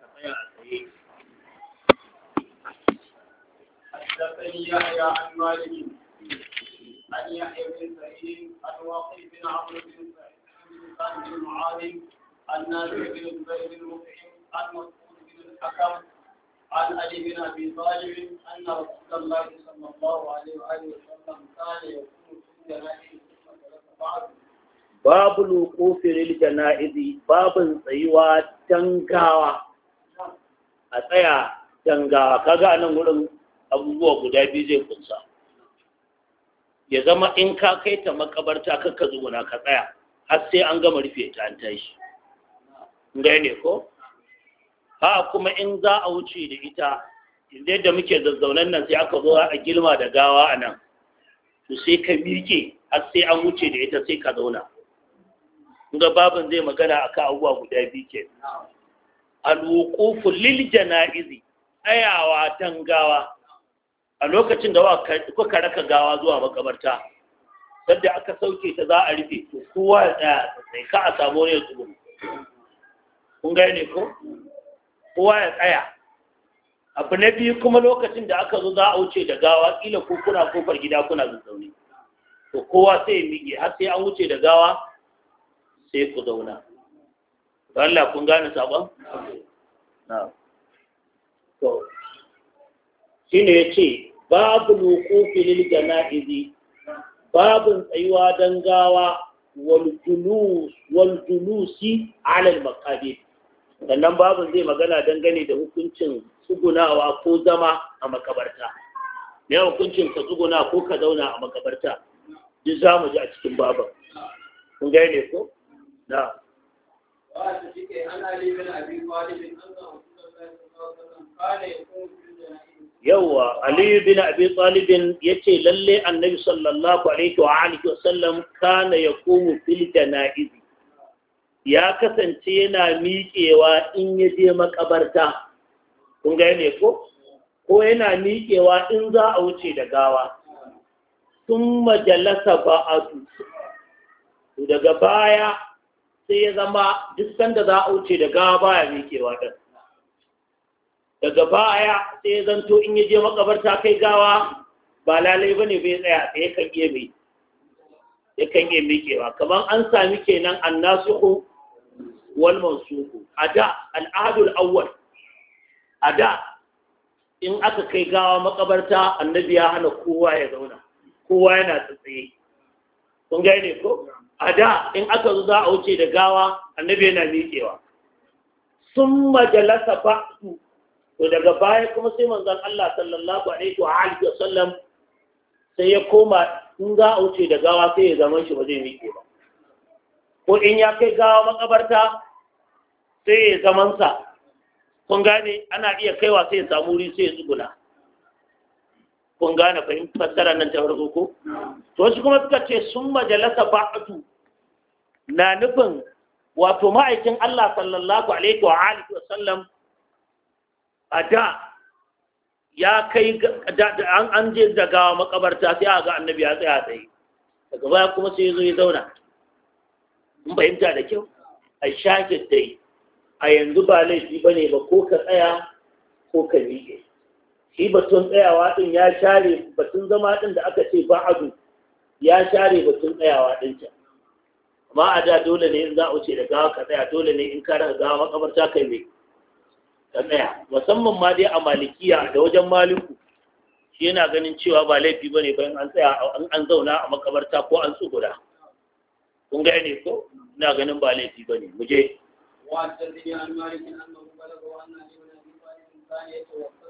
ka tsaya a tsaye. Haddafin yaya an mali, an yi haifin sa'i, an waƙi bin abubuwan sa'i, an san bin ma'ari, an na zirgin zirgin mutum, an mutum zirgin akam, an ali bin abin zalibi, an na rukutan lafi sallallahu alaihi wa alihi wa sallam, tsari ya kuma sun gana shi babu lukufin iljana izi babin tsayuwa tankawa a tsaya danga kaga nan wurin abubuwa guda biyu zai kunsa ya zama in ka kai ta makabarta kakka zuguna ka tsaya har sai an gama rufe ta an tashi gane ko ha kuma in za a wuce da ita inda da muke zazzaunan nan sai aka zo a gilma da gawa a nan to sai ka mirke har sai an wuce da ita sai ka zauna ga babin zai magana akan abubuwa guda biyu ke alwuqufu lil janaizi ayawa tangawa a lokacin da kuka raka gawa zuwa makabarta sadda aka sauke ta za a rufe to kowa ya tsaya sai ka a samu ne tsoro kun ga ne ko kowa ya tsaya abu na biyu kuma lokacin da aka zo za a wuce da gawa kila ko kuna kofar gida kuna zazzaune to kowa sai ya har sai an wuce da gawa sai ku zauna Allah kun gane sabon? na to ne yace babu wuqufi lil babu tsayuwa don gawa wal julus sannan babu zai magana dangane da hukuncin tsugunawa ko zama a makabarta ne hukuncin ka tsuguna ko ka zauna a makabarta duk za mu ji a cikin babun kun gane ko na'am وأن yawwa aliyu bin abi talibin ya ce lalle annabi sallallahu alaihi wa alihi wasallam kana ya komu fil jana'izi ya kasance yana miƙewa in ya je makabarta kun ga ne ko ko yana miƙewa in za a wuce da gawa sun majalasa ba'atu daga baya sai ya zama duk sanda za a wuce da gawa baya miƙewa ɗin daga baya sai ya zanto in ya je makabarta kai gawa ba lalai ba ne bai tsaya da yakan iya mai iya miƙewa kamar an sami kenan walman wal ku, a da al'adul awwal a da in aka kai gawa makabarta annabi ya hana kowa ya zauna kowa yana tsaye kun gane ko a da in aka zo za a wuce da gawa annabi yana miƙewa sun majalasa su to daga baya kuma sai manzan Allah sallallahu alaihi wa alihi wasallam sai ya koma in za a wuce da gawa sai ya zaman shi ba zai miƙe ba ko in ya kai gawa makabarta sai ya zamansa, kun gane ana iya kaiwa sai ya samu wuri sai ya tsuguna kun gane fahimtar fassara nan ta farko ko to shi kuma suka ce sun majalasa baatu na nufin wato ma'aikin Allah sallallahu alaihi wa alihi wa sallam a da ya kai an je daga makabarta sai a ga annabi ya tsaya tsaye daga baya kuma sai zo ya zauna in fahimta da kyau a shakir dai a yanzu ba laifi ba ne ba ko ka tsaya ko ka miƙe shi batun tsayawa din ya share batun zama din da aka ce ba ba'adu ya share batun tsayawa ɗin can amma a da dole ne in za a wuce da gawa ka tsaya dole ne in ka raka gawa makabarta kai mai ka tsaya musamman ma dai a malikiya da wajen maliku shi yana ganin cewa ba laifi bane bayan an tsaya an zauna a makabarta ko an tsugura kun ga ne ko ina ganin ba laifi bane mu je wa an malikin annahu balagha wa anna ibn abi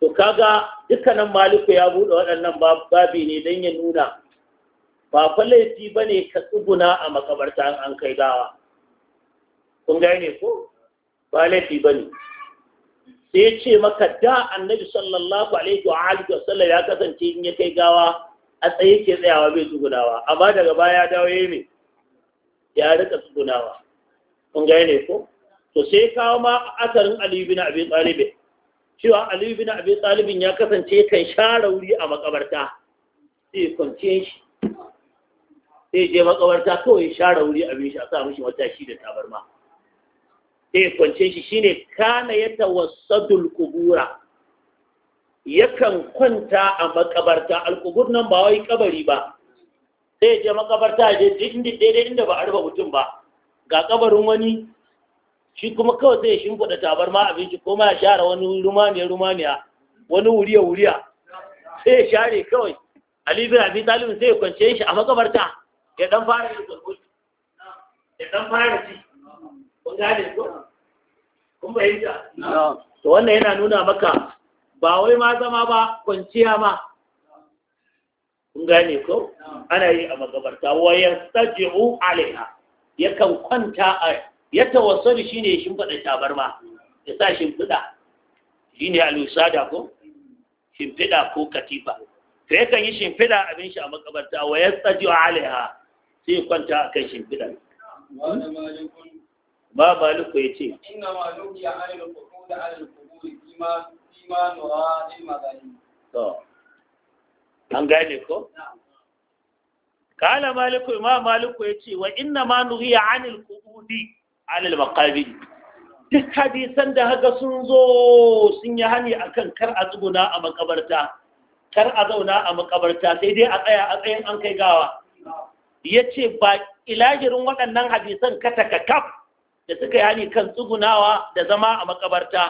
to kaga dukkanin maliku ya buɗe waɗannan babi ne don ya nuna ba fa laifi ba ne ka tsuguna a makabarta an kai gawa kun gane ko ba laifi ba ne sai ce maka da annabi sallallahu alaihi wa alihi wasallam ya kasance in ya kai gawa a tsaye ke tsayawa bai tsugunawa amma daga baya dawo ya ne ya rika tsugunawa kun gane ne ko to sai kawo ma asarin ali bin abi cewa aliyu bin abi talibin ya kasance kan share wuri a makabarta sai kwanciyar shi sai je makabarta kawai share wuri a shi a sa mishi shi da tabarma sai kwanciyar shi shine kana ya tawassadul kubura yakan kwanta a makabarta alkubur nan ba wai kabari ba sai je makabarta je inda daidai inda ba a rufe mutum ba ga kabarin wani shi kuma kawai sai ya shimfiɗa tabarma abinci ko ma ya share wani rumaniya rumaniya wani wuriya wuriya sai ya share kawai ali bin abi talib sai ya kwance shi a makabarta ya dan fara yin gurgurta ya dan fara ci kun gane ko kun bayyana to wannan yana nuna maka ba wai ma zama ba kwanciya ma kun gane ko ana yi a magabarta wa yastaji'u alaiha yakan kwanta a ya tawassalu shine ya shimfiɗa tabarma ya sa shimfiɗa shine al-wisada ko shimfiɗa ko katifa yi kan yi shimfiɗa abin shi a makabarta wa wa alaiha sai yi kwanta a kan shimfiɗa ba luku ya ce da an gane ko kala maliku ma maliku ya ce wa inna ma nuhiya anil kuɗu alal maqabir duk hadisan da haka sun zo sun yi hani akan kar a tsuguna a makabarta kar a zauna a makabarta sai dai a tsaya a tsayin an kai gawa ya ce ba ilahirin waɗannan hadisan katakakaf kaf da suka yi hani kan tsugunawa da zama a makabarta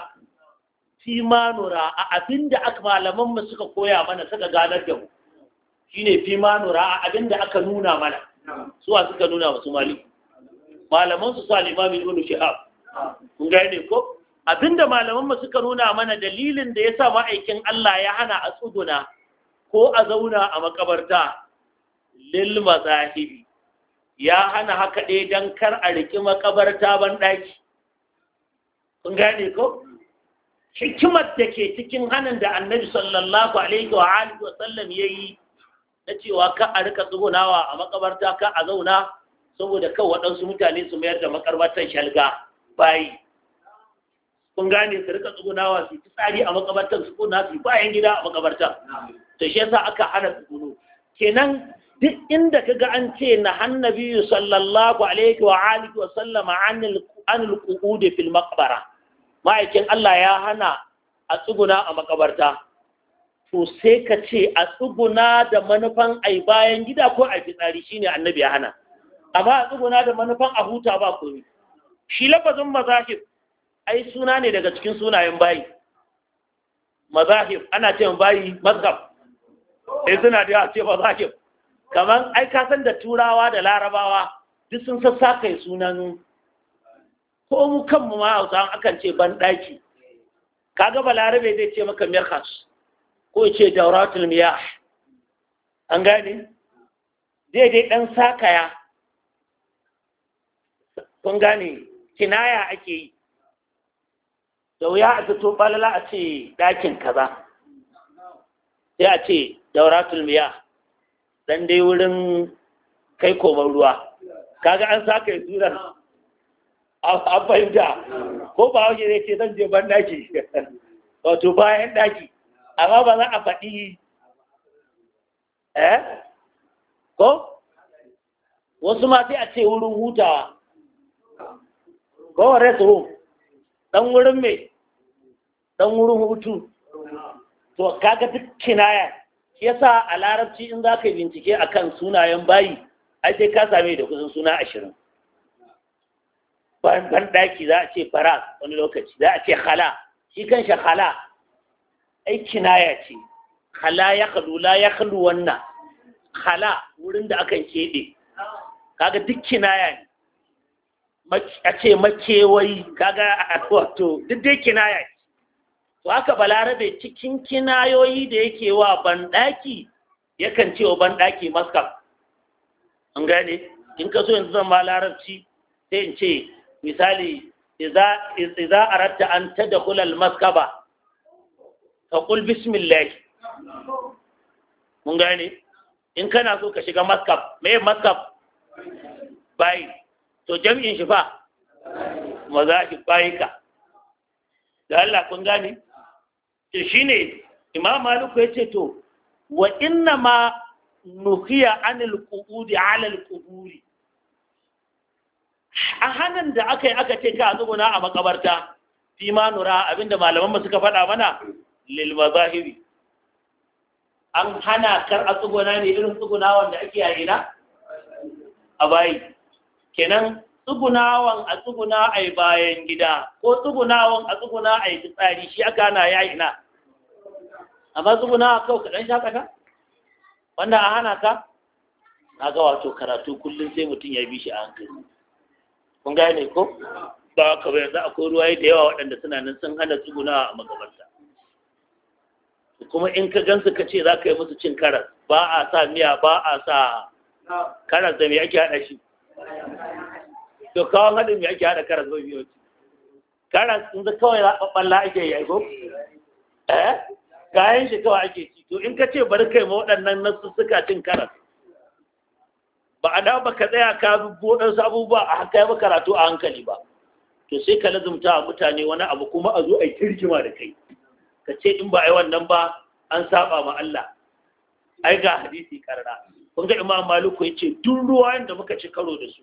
fi ma a abin da aka malamanmu suka koya mana suka ganar da mu shine fi ma a abin da aka nuna mana suwa suka nuna wasu malaman su Alimami limami ibn shihab kun gane ko abinda malaman suka nuna mana dalilin da ya sa ma'aikin Allah ya hana a tsuguna ko a zauna a makabarta lil mazahibi ya hana haka ɗaya don kar a riƙi makabarta ban ɗaki. Kun gane ko? Hikimar da ke cikin hannun da annabi sallallahu alaihi wa sallam ya yi na cewa ka a rika tsugunawa a makabarta ka a zauna saboda kan waɗansu mutane su mayar da makarbatan shalga bayi kun gane su rika tsugunawa su yi tsari a makabartar su kuna su bayan gida a makabartar ta shi yasa aka hana tsuguno kenan duk inda kaga an ce na hannabi sallallahu alaihi wa alihi wa sallama anil anil qu'ud fil maqbara ma'aikin Allah ya hana a tsuguna a makabarta to sai ka ce a tsuguna da manufan ai bayan gida ko a fitsari shine annabi ya hana amma a tsuguna da manufan a huta ba komi shi lafazin mazahib ai suna ne daga cikin sunayen bayi mazahib ana ce bayi mazhab sai eh, suna da yawa ce mazahib kamar ai ka san da turawa da larabawa duk sun sassaka sunan ko mu kanmu ma hausa akan ce ban daki kaga balarabe zai ce maka mirhas ko ya ce dauratul miyah an gane zai dai dan sakaya kun gane kinaya ake yi da wuya a fito balala a ce ɗakin kaza sai a ce dauratul miya dan dai wurin kai koman ruwa kaga an saka yi sunan an fahimta ko ba wajen ne ce zan je ban daki wato bayan daki amma ba za a faɗi eh ko wasu ma sai a ce wurin hutawa wa resu ɗan wurin me ɗan wurin hutu to kaga duk kinaya yasa a larabci in za ka yi bincike a kan sunayen bayi ai ka same da kusan suna ashirin ban ɗaki za a ce fara wani lokaci za a ce hala shi kan shi hala ai kinaya ce hala ya kalu la ya kalu wannan hala wurin da akan keɓe kaga duk kinaya ne a ce makewayi kaga a wato duk dai kinaya to haka balarabe cikin kinayoyi da yake wa banɗaki yakan ce wa banɗaki maskam an gane in ka so yanzu zan ma larabci sai in ce misali a aratta an tadkhula al maskaba Ka ƙul bismillahi mun gane in kana so ka shiga maskab me maskab bayi to jam'in shi fa mazahib bayika da Allah kun gane to shine imam ya yace to wa inna ma nuhiya anil qu'udi ala al quburi a hanan da aka yi aka ce ka tsuguna a makabarta fi ma nura abinda malaman suka faɗa mana lil mazahiri an hana kar a tsuguna ne irin tsuguna wanda ake yayi na a bayi kenan tsugunawan a tsuguna a bayan gida ko tsugunawan a tsuguna a yi tsari shi aka na ya ina amma tsuguna a kawo kaɗan ƙasa wanda a hana ka na ga wato karatu kullum sai mutum ya bi shi a hankali kun gane ko ba ka bai yanzu akwai ruwaye da yawa waɗanda suna nan sun hana tsuguna a magabarta kuma in ka gansu ka ce za ka yi musu cin karas ba a sa miya ba a sa karas da me ake haɗa shi to kawon haɗin mai ake haɗa karas zobe yau karas in za kawai zaɓaɓɓalla ake yi ko eh kayan shi kawai ake ci to in ka ce bari kai ma waɗannan na sussuka cin karas ba a da ba ka tsaya ka bi waɗansu abubuwa a haka ba karatu a hankali ba to sai ka lazumta wa mutane wani abu kuma a zo a yi kirkima da kai ka ce in ba a yi wannan ba an saba ma Allah ai ga hadisi karra Kunga ga imam maluku ya ce duk ruwa yadda muka ci karo da su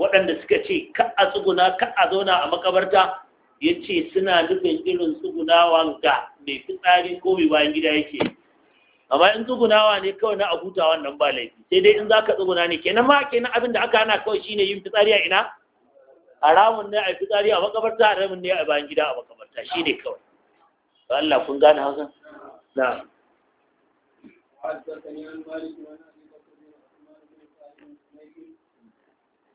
waɗanda suka ce ka a tsuguna ka a zauna a makabarta ya ce suna nufin irin tsugunawa ga mai fitsari ko mai bayan gida yake amma in tsugunawa ne kawai na abuta wannan ba laifi sai dai in za ka tsuguna ne kenan ma kenan abin da aka hana kawai shine yin fitsari a ina haramun ne a fitsari a makabarta haramun ne a bayan gida a makabarta shine kawai Allah kun gane hausa na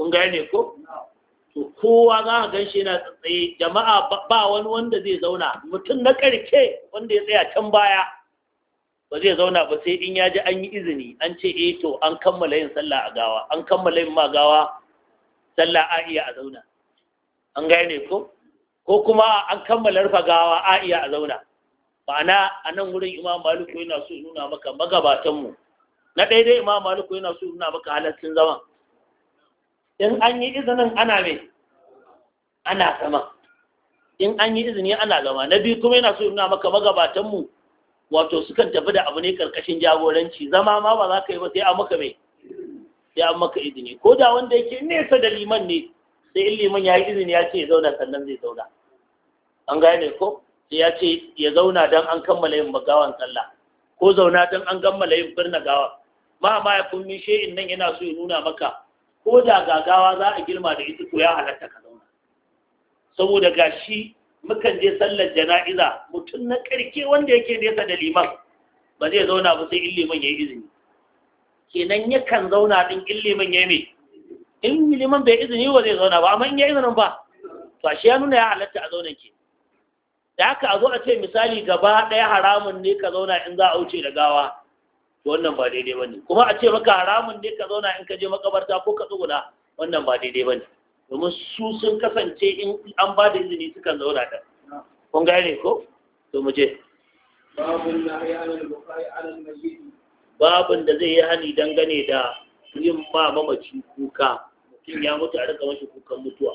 kun gane ko to kowa za ka gan shi yana tsaye jama'a ba wani wanda zai zauna mutum na ƙarke wanda ya tsaya can baya ba zai zauna ba sai in ya ji an yi izini an ce eh to an kammala yin sallah a gawa an kammala yin ma gawa sallah a iya a zauna an gane ko ko kuma an kammala rufa gawa a iya a zauna ma'ana a nan wurin imam maliku yana so nuna maka magabatanmu na ɗaiɗai imam maliku yana so nuna maka halaccin zaman in an yi izinin ana mai ana sama in an yi izini ana zama na biyu kuma yana so nuna maka magabatanmu wato sukan tafi da abu ne karkashin jagoranci zama ma ba za ka yi ba sai an maka mai sai an maka izini ko da wanda yake nesa da liman ne sai in liman ya yi izini ya ce ya zauna sannan zai zauna an gaya ne ko sai ya ce ya zauna don an kammala yin magawan sallah ko zauna don an kammala yin birna gawa ma ma ya kun mishe in nan yana so ya nuna maka ko da gagawa za a girma da ita ko ya halatta ka zauna saboda gashi mukan je sallar jana'iza mutum na ƙarke wanda yake nesa da liman ba zai zauna ba sai in liman yi izini kenan yakan zauna din in liman yi mai in liman bai izini ba zai zauna ba amma in ya izinin ba to shi ya nuna ya halatta a zaunan ke da haka a zo a ce misali gaba ɗaya haramun ne ka zauna in za a wuce da gawa wannan ba daidai bane kuma a ce maka haramun ne ka zauna in ka je makabarta ko ka tsuguna wannan ba daidai bane domin su sun kasance in an ba da izini sukan zauna da kun gane ko to mu je babun da zai yi hani dangane da yin ma mamaci kuka mutum ya mutu a rika mashi kukan mutuwa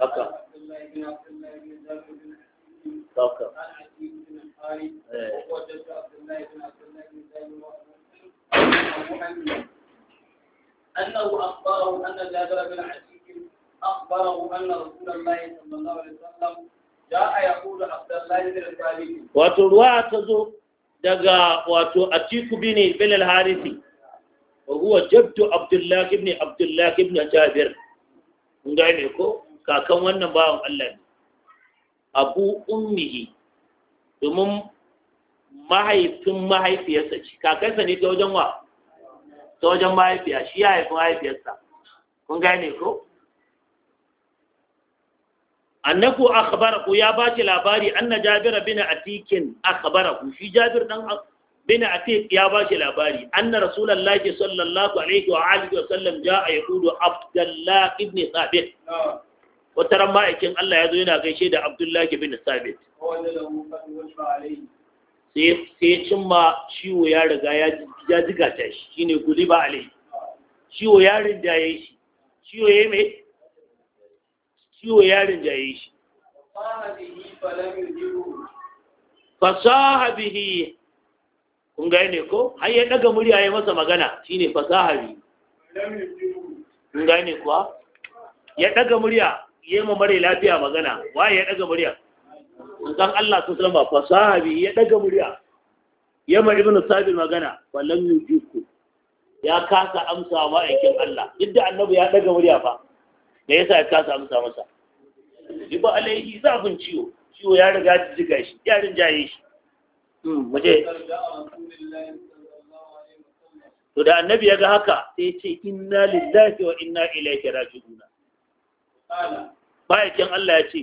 haka haka أنه أخبره أن جابر بن عتيق أخبره أن رسول الله صلى الله عليه وسلم جاء يقول عبد الله بن الحارث وتروى تزو دغا واتو أتيك بن بن الحارث وهو جبت عبد الله بن عبد الله بن جابر kun gane ko kakan wannan bawan Allah ne abu ummihi domin mahaifin mahaifiyarsa ce kakansa ne ta wajen wa ta wajen mahaifiya shi ya haifin mahaifiyarsa kun gane ko annaku akhbaraku ya ba ki labari anna jabir bin atikin akhbaraku shi jabir dan bin atik ya ba ki labari anna rasulullahi sallallahu alaihi wa alihi wa sallam jaa yaqudu abdullah ibn thabit wata ran ma'aikin Allah ya zo yana gaishe da Abdullahi bin Sabit sai ya cimma ciwo ya riga ya jigata shi shine ba alai ciwo ya rinjaye shi ciwo ya mai ciwo ya rinjaye shi fasaha bihi kun ga ne ko har ya daga murya ya masa magana shine fasaha bihi kun ga ne kuwa ya daga murya ya ma mare lafiya magana waye ya daga murya dan Allah sun salama fa sahabi ya daga murya ya ma ibnu sabil magana wallan yujiku ya kasa amsa wa aikin Allah duk annabi ya daga murya fa da yasa ya kasa amsa masa jiba alaihi zafin ciwo ciwo ya riga jiga shi ya jaye shi waje hmm, to da annabi ya ga haka sai ya ce inna lillahi wa inna ilaihi raji'un bayakin Allah ya ce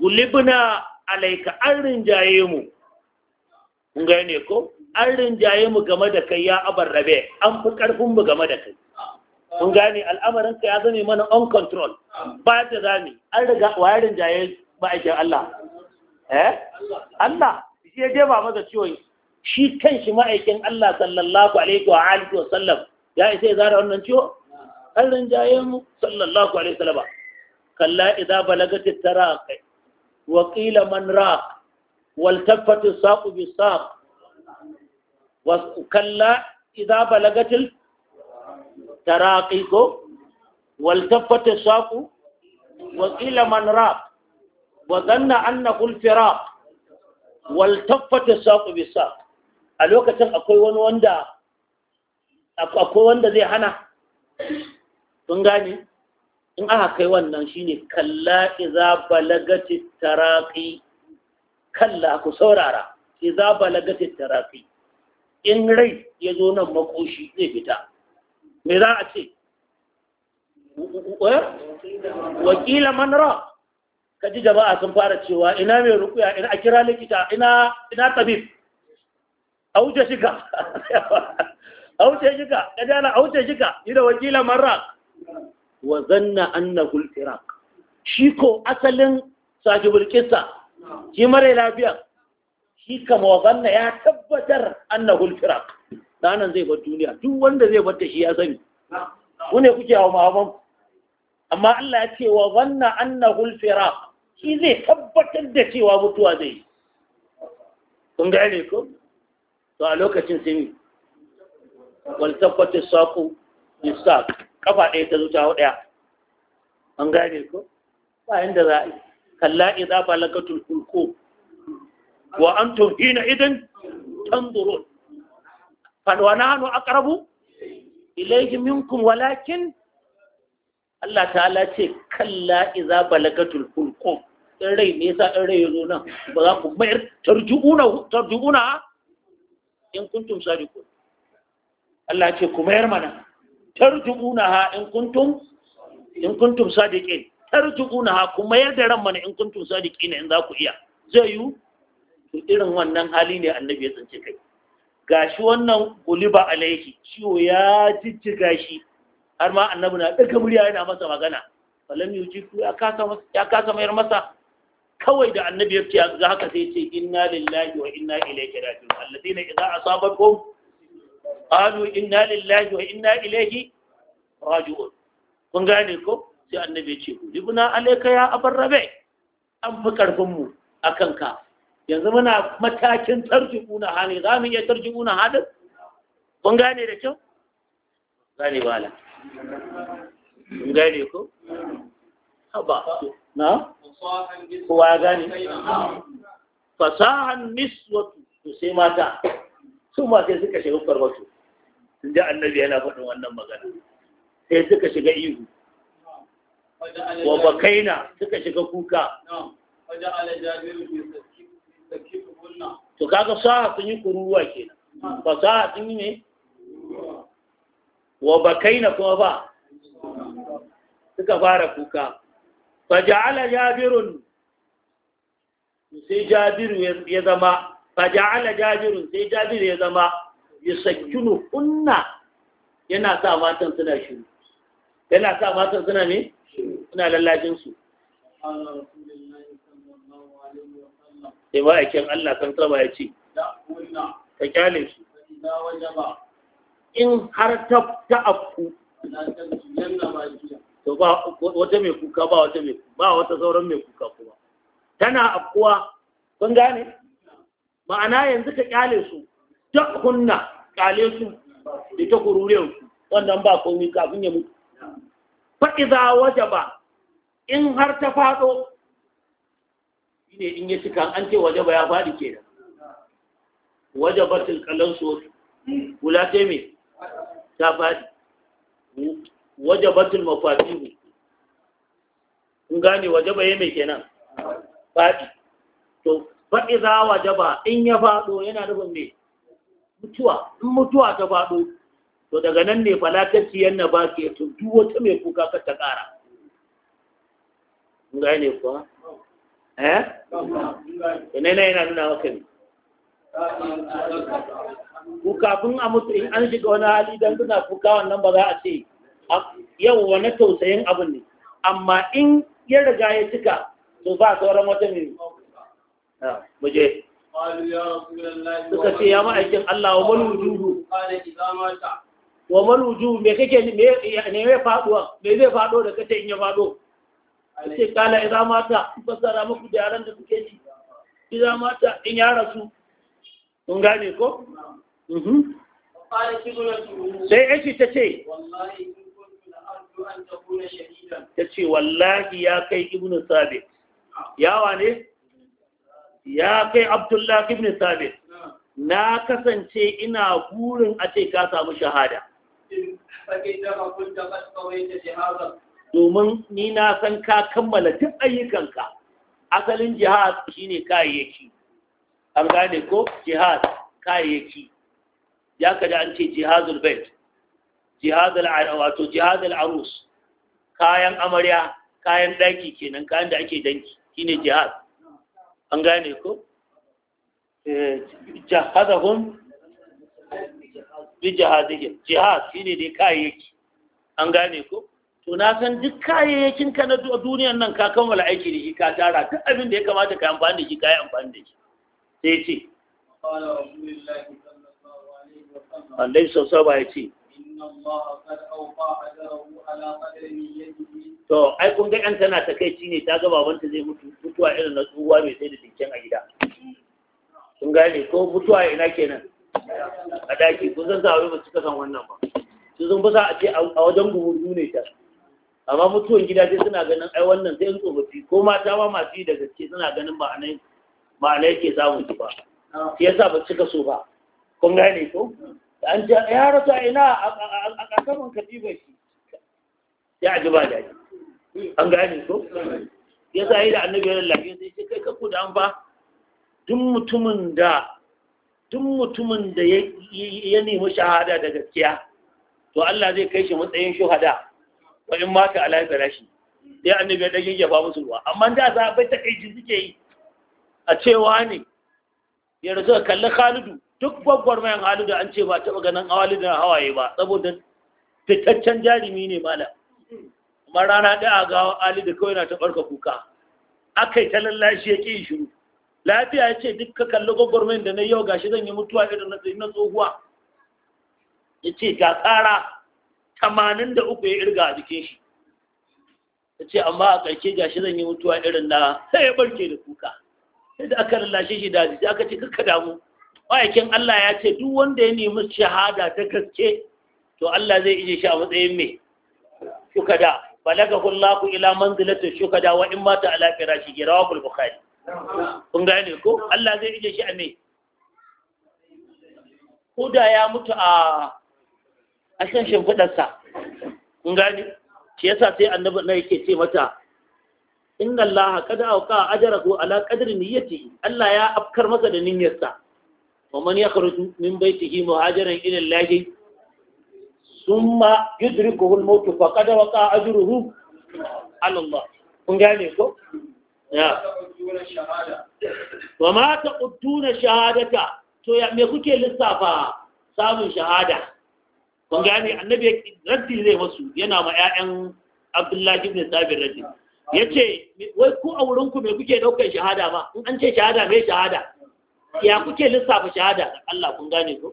gulibna alaika an rinjaye mu kun gane ko an rinjaye mu game da kai ya abar rabe an fi karfin mu game da kai kun gane al'amarin ka ya zame mana on control ba ta zame an riga waya rinjaye ma'aikin Allah eh Allah shi ya je ba maza ciwon shi kanshi ma'aikin Allah sallallahu alaihi wa alihi wa sallam ya isa ya zara wannan ciwo an rinjaye mu sallallahu alaihi wasallam kalla idza balagat taraq wa qila man raq wal tafat saq bi saq wa kalla idza balagat taraqi ko wal tafat saq wa qila man raq wa dhanna annahu al firaq wal tafat saq bi saq a lokacin akwai wani wanda akwai wanda zai hana kun gane in aka kai wannan shine kalla iza balagati taraqi kalla ku saurara iza balagati taraqi in rai ya zo nan makoshi zai fita me za a ce wakila man ra kaji jama'a sun fara cewa ina mai rukuya ina a kira likita ina ina tabib wuce shiga wuce shiga kaji ana wuce shiga ni da wakila man ra wa zanna annahu al iraq shi ko asalin saki bulkisa shi mare lafiya shi kama wa zanna ya tabbatar annahu al-firaq nan zai bar duniya duk wanda zai bar ta shi ya sani Wune kuke hawa mahaban amma Allah ya ce wa zanna annahu al iraq shi zai tabbatar da cewa mutuwa zai kun gane ko to a lokacin sai wal tabbata saqu bisaq kafa ɗaya ta zuta wa ɗaya an gane ko ba yadda za a yi kalla idza balagatul kulko. wa antum na idan tanzurun hannu wa nahnu aqrabu ilayhi minkum walakin Allah ta'ala ce kalla idza balagatul hulqum in rai me yasa in rai yazo nan ba za ku mayar tarjuuna tarjuuna in kuntum sadiqun Allah ce ku mayar mana tarju'unaha in kuntum in kuntum sadiqin tarju'unaha kuma yarda ran mana in kuntum sadiqin in za ku iya zai yu to irin wannan hali ne annabi ya tsince kai gashi wannan guliba alaihi ciwo ya jijjiga gashi. har ma annabi na daga murya yana masa magana falam ku ya kasa ya kasa mayar masa kawai da annabi ya ce ga haka sai ce inna lillahi wa inna ilaihi raji'un alladheena idza asabakum qalu inna lillahi wa inna ilaihi raji'un kun gane ko sai annabi ce hudibna alayka ya abar rabe an fi karfin mu akan ka yanzu muna matakin tarjiuna hali za mu iya tarjiuna hadin kun gane da kyau gane wala kun gane ko haba na kowa gane fasahan niswatu sai mata su ma sai suka shiga farmatu sun ji annabi yana faɗin wannan magana sai suka shiga ihu wa bakaina suka shiga kuka to kaga sa sun yi kuruwa kenan ba sa'a sun yi ne wa bakaina kuma ba suka fara kuka faja'ala jabirun sai jabiru ya zama faja'ala jabirun sai jabiru ya zama yusakkinu kunna yana sa matan suna shiru yana sa matan suna ne suna lallajin su sai ma'aikin Allah kan saba ya ce ka kyale su in har ta afku to ba wata mai kuka ba wata mai ba wata sauran mai kuka kuma tana afkuwa kun gane ma'ana yanzu ka kyale su ta kunna kale su da ta kururiyar su wannan ba komi kafin ya mutu fa'iza waje ba in har ta faɗo ne in ya cika an ce waje ba ya faɗi ke nan waje ba tilkalan sosu wula ce ta faɗi waje ba tilmafafi ne kun gane waje ba ya mai kenan faɗi to faɗi za waje ba in ya faɗo yana nufin mai mutuwa in mutuwa ta faɗo to daga nan ne falakacci yanna ba ke tuntu wata mai kuka ka ta ƙara in gane kuwa eh ina na yana nuna maka ne kuka kun a mutu in an shiga wani hali dan suna kuka wannan ba za a ce ah, yau wani tausayin abin ne amma in ya riga ya cika to ba sauran wata ne mai ah, muje suka ce ya ma'aikin Allah wa mal wujudu wa mal wujudu me kake ne me faduwa mai zai fado da kace in ya fado sai kala iza mata basara muku da yaran da suke ji iza mata in yara su. mun gane ko mhm. sai aiki ta ce ta ce wallahi ya kai ibnu sabit yawa ne ya kai abdullah ibn sabit na kasance ina gurin a ce ka samu shahada domin ni na san ka kammala duk ayyukanka asalin jihad shine kayayyaki an gane ko jihad kayayyaki ya da an ce jihazul bait jihazul wato jihazul arus kayan amarya kayan ɗaki kenan kayan da ake danki shine jihad an gane ko eh, jahadahum bi jihadihim jihad shine dai kayayyaki an gane ko to na san duk kayayyakin ka na duniyar nan ka kammala aiki da shi ka tara duk abin da ya kamata ka amfani da shi ka yi amfani da shi sai ce Allah ya ce To, ai kun ga ‘yan tana ta kai ne ta ga babanta zai mutu mutuwa irin na tsuwa mai sai da dinkin a gida. Kun gane ko mutuwa ina kenan a daki kun san zawo ba cika san wannan ba. Su sun fasa a ce a wajen gumuzu ne ta. Amma mutuwan gida sai suna ganin ai wannan sai tsofaffi ko mata ma masu yi da gaske suna ganin ba a yake samun ba. Shi yasa ba cika so ba. Kun gane ko? an ya rasa ina a kasaman katibar shi ya ji ba daji an gane ko ya sa yi da annabi ya lallafi sai kai kaku da an fa duk mutumin da duk mutumin da ya nemi shahada da gaskiya to Allah zai kai shi matsayin shuhada wa in mata ala firashi sai annabi ya dage ya ba musu ruwa amma da za bai ta kai suke yi a cewa ne ya rasu kalli Khalidu duk gwagwarmayan da an ce ba taɓa ganin halidu na hawaye ba saboda fitaccen jarumi ne malam amma rana ɗaya ga da kawai na ta ka kuka aka yi ta lallashi ya ƙi shiru lafiya ya ce duk ka kalli gwagwarmayan da na yau gashi zan yi mutuwa irin na na tsohuwa ya ce ga tsara tamanin da uku ya irga a jikin shi ya ce amma a ƙarshe gashi zan yi mutuwa irin na sai ya ɓarke da kuka sai da aka lallashe shi da jiki aka ce kakka damu ma'aikin Allah ya ce duk wanda ya nemi shahada ta gaske to Allah zai ije shi a matsayin mai shukada balagahu laku ila manzilati shukada wa in mata ala firashi rawahul bukhari kun gane ko Allah zai ije shi a mai koda ya mutu a a kan shimfidarsa kun gane shi yasa sai annabi na yake ce mata inna allaha qad awqa ajrahu ala qadri niyyati Allah ya afkar masa da niyyarsa ومن يخرج من بيته مهاجرا إلى الله ثم يدركه الموت فقد وقع أجره على الله فنجانيكو وما تقدون شهادة to ya me kuke lissafa samun shahada kun gane annabi raddi zai masu yana ma 'ya'yan Abdullahi ibn Sabir raddi yace wai ku a wurinku ku me kuke daukar shahada ba? in an ce shahada me shahada ya kuke lissafa shahada da Allah kun gane ko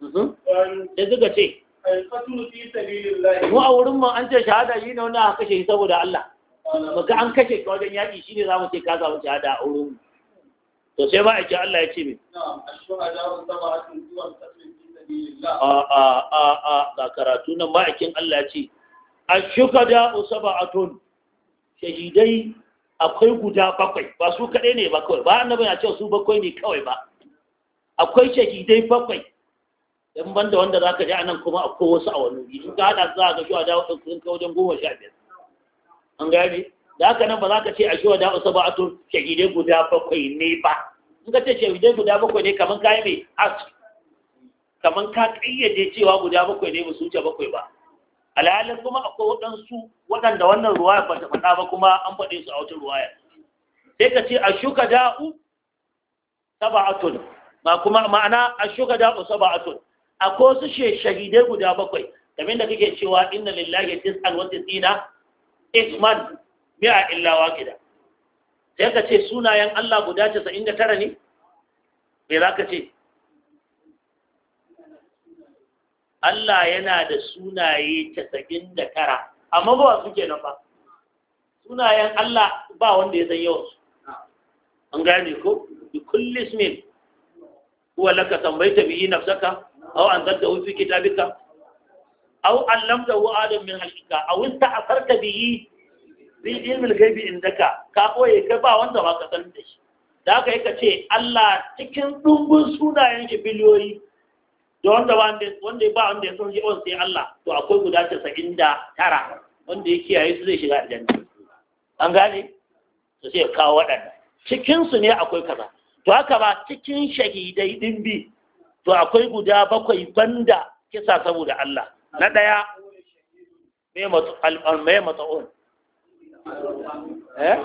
da mhm. zuga ce mu a wurin mu an ce shahada yi ne wanda aka kashe shi saboda Allah maka an kashe ka wajen yaƙi shi ne za mu ce ka samu shahada a wurin mu to sai ba a ce Allah ya ce min a a ga karatu nan ma'aikin Allah ya ce ashuhada usaba'atun shahidai akwai guda bakwai ba su kaɗai ne ba kawai ba annabi ya ce su bakwai ne kawai ba akwai shahidai bakwai ban da wanda za ka ji anan kuma akwai wasu a wani wuri in ka haɗa za ka shi a dawo ɗin sun kai wajen goma sha biyar an gane da haka nan ba za ka ce a shi wa dawo a tun shahidai guda bakwai ne ba in ka ce shahidai guda bakwai ne kamar yi mai aski. kamar ka ƙayyade cewa guda bakwai ne ba su wuce bakwai ba alhalin kuma akwai waɗansu waɗanda wannan ruwa ba ta faɗa ba kuma an faɗe su a wata ruwaya sai ka ce a shuka da'u saba'atun ma kuma ma'ana a shuka da'u A akwai su shahidai guda bakwai kamar da kake cewa inna lillahi tis'an wa tis'ina isman bi'a illa waqida sai ka ce sunayen Allah guda 99 ne me za ka ce Allah yana da sunaye casa'in da tara amma ba wasu kenan ba sunayen Allah ba wanda ya san yawansu an gane ko bi kulli ismin kuwa laka an bihi nafsaka aw anzaltahu fi kitabika lamta allamtahu adam min a aw ista'sarta bihi bi ilmil ghaibi indaka ka koye kai ba wanda ba ka san da shi da haka ka ce Allah cikin dumbun sunayen shi biliyoyi da wanda wanda ba wanda ya san shi on sai Allah to akwai guda casa'in da tara wanda ya kiyaye su zai shiga aljanna an gane to sai ya kawo waɗanda cikin su ne akwai kaza to haka ba cikin shahidai din bi to akwai guda bakwai banda kisa saboda Allah na ɗaya mai on eh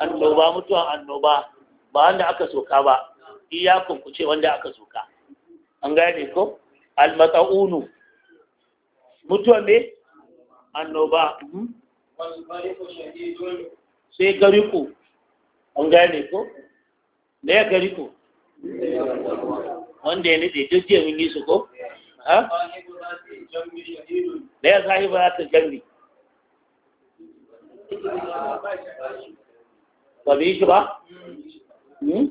annoba mutuwan annoba ba wanda aka soka ba iyakun ku ce wanda aka soka an gane ko almata'unu mutuwa ne annoba mhm. sai gariku an gane ko da ya gariku wanda ya nade duk jiya mun yi su ko ha da ya sahiba za ta jambi ba bi shi ba hmm?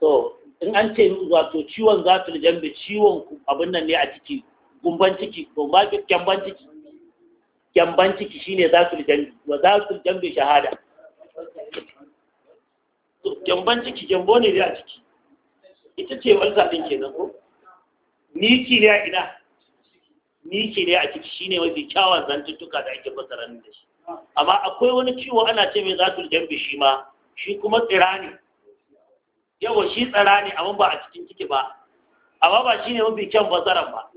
to in an ce wato ciwon zatul jambe ciwon abin nan ne a ciki gumban ciki gumba kyamban ciki kyamban ciki shine zatul jambe wa zatul jambe shahada kyamban ciki kyambo ne dai a ciki ita ce walza din kenan ko niki ne a ina niki ne a ciki shine mafi kyawun zantuttuka da ake fassara da shi amma akwai wani ciwo ana ce mai zatul jambe shi ma shi kuma tsira ne yawa shi tsara ne amma ba a cikin ciki ba amma ba shi ne mafi kyan bazaran ba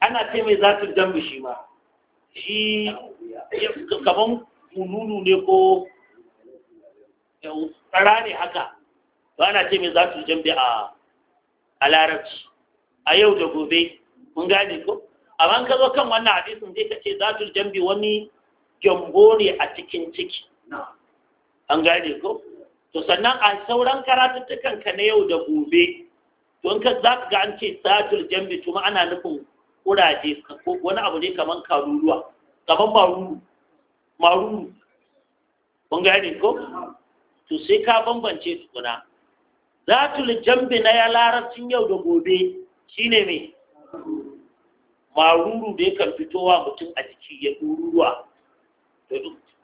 ana ce mai su dambi shi ba, shi kaman mununu ne ko tsara ne haka ba ana ce mai za su a a larabci a yau da gobe mun gane ko amma ka zo kan wannan hadisin zai ka ce su dambi wani gyambo ne a cikin ciki an gane ko to sannan a sauran karatuttukan ka na yau da gobe don ka za ka ga an ce satul jambi kuma ana nufin kuraje ko wani abu ne kaman karuruwa kaman maruru maruru kun gane ko to sai ka bambance tukuna zatul jambi na ya larabcin yau da gobe shine me maruru da yakan fitowa mutum a jiki ya ɗuruwa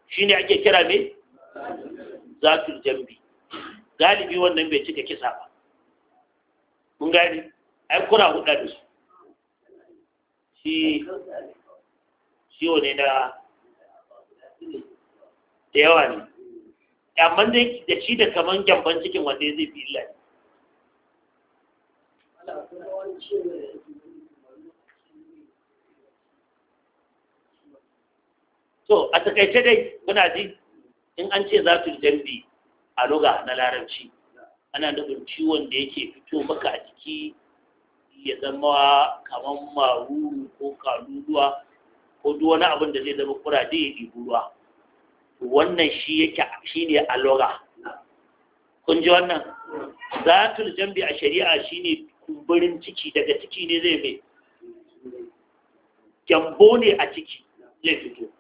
shi ake kira me zatul jambi galibi wannan bai cika kisa ba mun gani ai kura huɗa da su shi ciwo ne da da yawa ne amma dai da shi da kaman gyamban cikin wanda zai fi illa to a takaice dai muna ji in an ce za su dambi a na larabci ana nufin ciwon da yake fito maka a jiki ya zama kamar maruru ko kaluluwa ko duk wani abin da zai zama kuraje ya ɗibu ruwa wannan shi yake shi ne a loga kun ji wannan zatul jambi a shari'a shine kumburin ciki daga ciki ne zai mai gyambo ne a ciki zai fito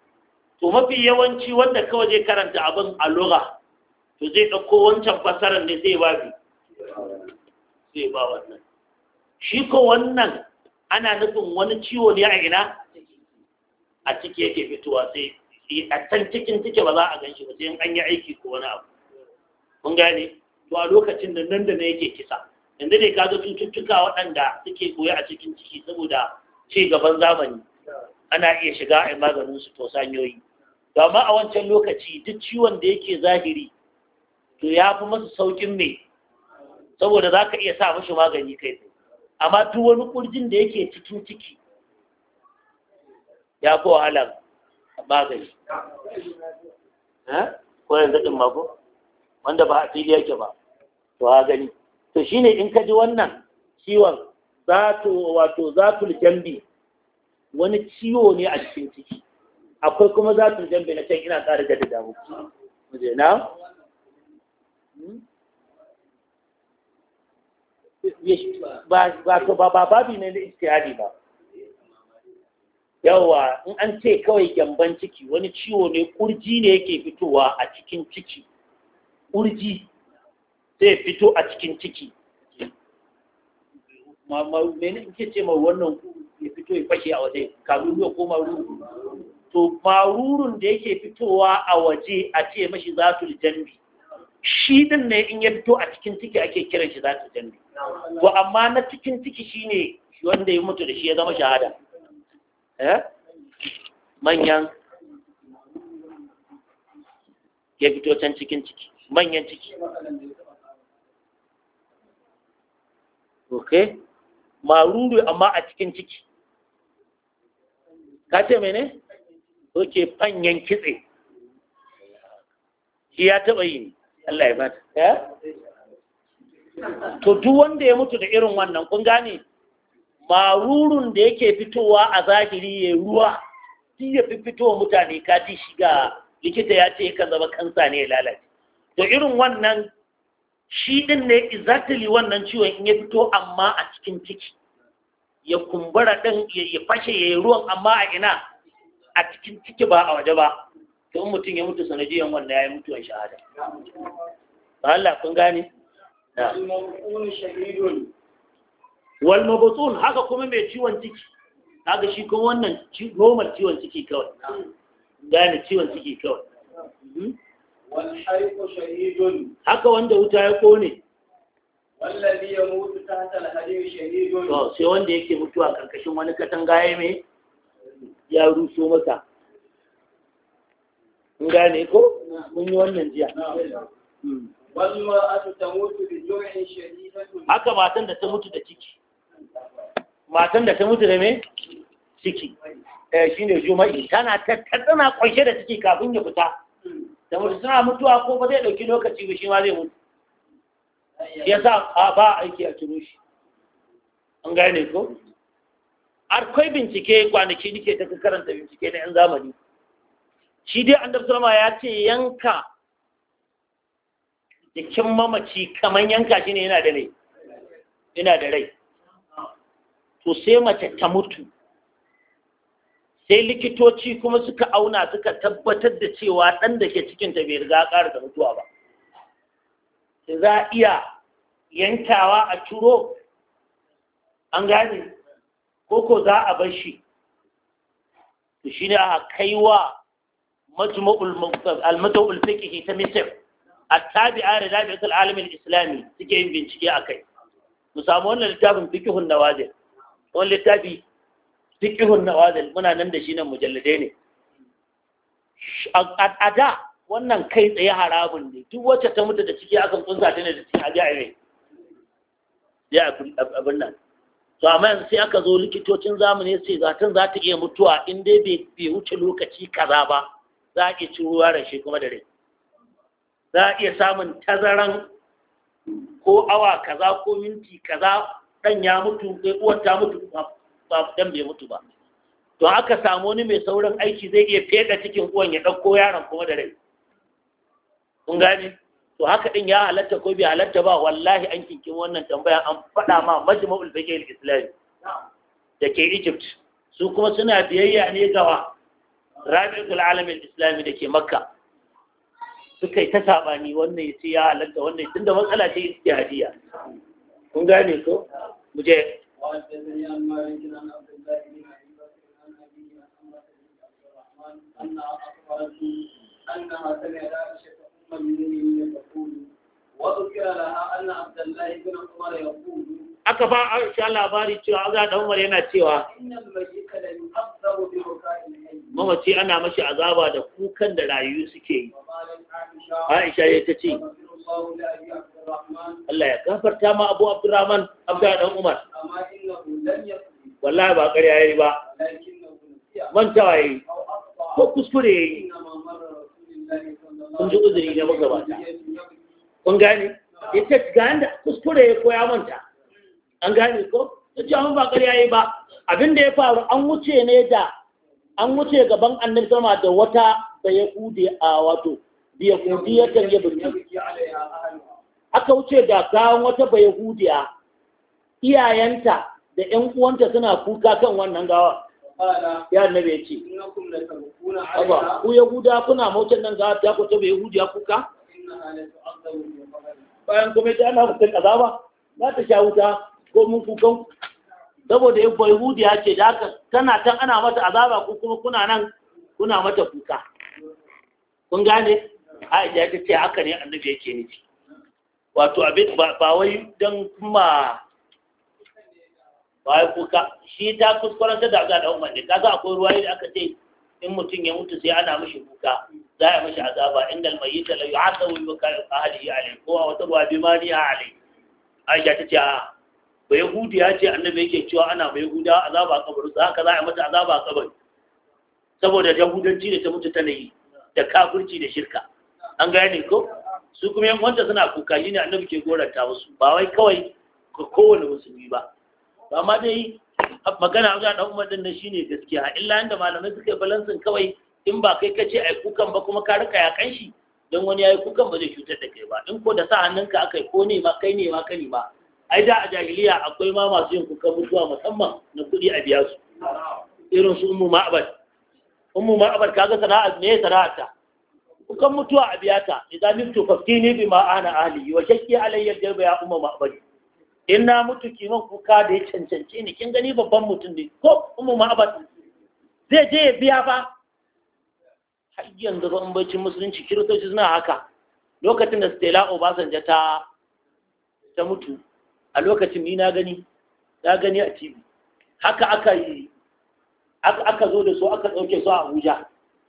to mafi yawanci wanda kawai zai karanta abin a lura to zai ɗauko wancan fasarar ne zai ba bi zai ba wannan shi ko wannan ana nufin wani ciwo ne a ina a ciki yake fitowa sai a can cikin cike ba za a gan ba sai an yi aiki ko wani abu mun gane to a lokacin da nan da na yake kisa yanzu ne ka zo cututtuka waɗanda suke koya a cikin ciki saboda ci gaban zamani ana iya shiga a maganin su to sanyoyi to amma a wancan lokaci duk ciwon da yake zahiri to ya fi masa saukin ne saboda za ka iya sa mashi magani kai amma duk wani kurjin da yake cikin ciki ya fi wahala magani eh? ko yanzu ɗin mako wanda ba a fili yake ba to ha gani to shine in ka ji wannan ciwon zato wato zatul jambi wani ciwo ne a cikin ciki akwai kuma za su jambe na can ina ƙara gada damu muje na ba ba ba babi ne na istihadi ba yawwa in an ce kawai gyamban ciki wani ciwo ne kurji ne yake fitowa a cikin ciki kurji zai fito a cikin ciki mene ke ce ma wannan ya fito ya fashe a waje kamin ya koma ruhu to marurun da yake fitowa a waje a ce mashi su jambi shi din ne in ya fito a cikin ciki ake kiran shi za su jambi to amma na cikin ciki shine wanda ya mutu da shi ya zama shahada eh? manyan ya fito can cikin ciki manyan ciki okay maruru amma a cikin ciki ka ce mene ko ce fanyen kitse shi ya taɓa yi Allah ya to duk wanda ya mutu da irin wannan kun gane marurun da yake fitowa a zahiri ya ruwa shi ya fi fitowa mutane ka ji shiga likita ya ce yakan zama kansa ne ya lalace to irin wannan shi din ne exactly wannan ciwon in ya fito amma a cikin ciki ya kumbura din ya fashe ya yi ruwan amma a ina a cikin ciki ba a waje ba to in mutum ya mutu sanadiyan wanda ya yi mutuwar shahada ba Allah kun gane wal mabutsun haka kuma mai ciwon ciki haka shi kuma wannan normal ciwon ciki kawai gane ciwon ciki kawai hmm? haka wanda wuta ya kone wallazi ya mutu tahta al-hadir shahidun to sai wanda yake mutuwa karkashin wani katanga yayi mai ya ruso masa in gane ko mun yi wannan jiya hmm. haka matan da ta mutu da ciki matan da ta mutu da me ciki eh shine juma'i tana tattana kunshe da ciki kafin ya fita da mutu suna mutuwa ko ba zai dauki lokaci ba shi ma zai mutu yasa ba aiki a turu an gane ko akwai bincike kwanaki nike ta karanta bincike na 'yan zamani shi dai an dafsarama ya ce yanka jikin mamaci kamar yanka shi ne yana da rai yana da rai to sai mace ta mutu sai likitoci kuma suka auna suka tabbatar da cewa ɗan da ke cikinta bai riga ƙara da mutuwa ba za a iya yankawa a turo an gane Koko za a bar shi to ne a kaiwa majmu'ul al fiqhi ta misr at-tabi'a da dabi'at al-alam islami suke yin bincike akai mu samu wannan littafin fiqhun nawazil wannan littafi fiqhun nawazil muna nan da shi nan mujalladai ne a da wannan kai tsaye harabin ne duk wacce ta mutu da ciki akan kunsa ta ne da ciki a ne ya abin nan to amma yanzu sai aka zo likitocin zamani sai zaton za ta iya mutuwa in dai bai wuce lokaci kaza ba za a iya ciro yaron shi kuma da rai za a iya samun tazaran ko awa kaza ko minti kaza dan ya mutu sai uwar ta mutu ba dan bai mutu ba to aka samu wani mai sauran aiki zai iya feda cikin uwan ya dauko yaron kuma da rai kun gani to haka din ya halatta ko bai halatta ba wallahi an kinkin wannan tambaya an faɗa ma majmu'ul fiqhil islami da ke Egypt su kuma suna biyayya ne ga Rabi'ul alamin islami da ke Makka suka yi ta sabani wannan ya ce ya halatta wannan tunda matsala ce istihadiya kun gane ko mu je أنها سمعت عائشة aka ba Aisha labari cewa Aza da Umar yana cewa mamaci ana mashi azaba da kukan da rayu suke yi Aisha ya ta ce Allah ya gafarta ma Abu Abdurrahman Abda dan Umar wallahi ba ƙarya yi ba mantawa tawaye ko kuskure yayi kun ji uzuri na magabata kun gane ya ce ga da kuskure ya koya manta an gane ko ta ce an ba yayi yi ba Abinda ya faru an wuce ne da an wuce gaban annar sama da wata da ya kude a wato biya kudiya kan ya buki aka wuce da gawan wata bayahudiya iyayenta da ƴan uwanta suna kuka kan wannan gawa ya nabe ce Aba, ku Yahuda kuna mautan nan za ta kwata bai Yahudiya kuka? Bayan kuma ta ana fitar kaza ba, za ta sha wuta ko mun kukan. Saboda ya bai Yahudiya ce da haka tana tan ana mata azaba ko kuma kuna nan kuna mata kuka. Kun gane? Aisha ta ce haka ne annabi yake nufi. Wato abin ba wai don kuma ba kuka shi ta kuskuren ta daga da umarni. Ka kaga akwai ruwaye da aka ce in mutum ya mutu sai ana mishi kuka za a mishi azaba inda almayyita la yu'adawu bi kal ahlihi alai ko a wata ruwa bimani alai Aisha ta ce a bai Hudu ya ce annabi yake cewa ana bai Yahuda azaba a kabari za haka za a mata azaba a kabari saboda hudanci da ta mutu ta nayi da kafirci da shirka an ne ko su kuma wanda suna kuka shine annabi ke goranta musu ba wai kawai kowane musulmi ba amma dai magana ga dan umar din shi ne gaskiya illa inda malamai suka yi balansin kawai in ba kai ka ce ai kukan ba kuma ka rika ya shi don wani yayi kukan ba zai cutar da kai ba in ko da sa hannunka aka yi ko ne ma kai ne ma kani ba ai da a jahiliya akwai ma masu yin kukan mutuwa musamman na kuɗi a biya su irin su ummu ma'abar ummu ma'abar kaga sana'ar me sana'arta kukan mutuwa a biya ta idan mutu fakini bi ma'ana ahli wa shakki alayya dalba ya ummu ma'abar Ina na mutu kiman kuka da ya cancanci ni kin gani babban mutum ne ko umu ma abad zai je ya biya ba har yanzu ba in bacin musulunci kiristoci suna haka lokacin da stella obasanjo ta ta mutu a lokacin ni na gani na gani a tv haka aka yi aka zo da su aka ɗauke su a abuja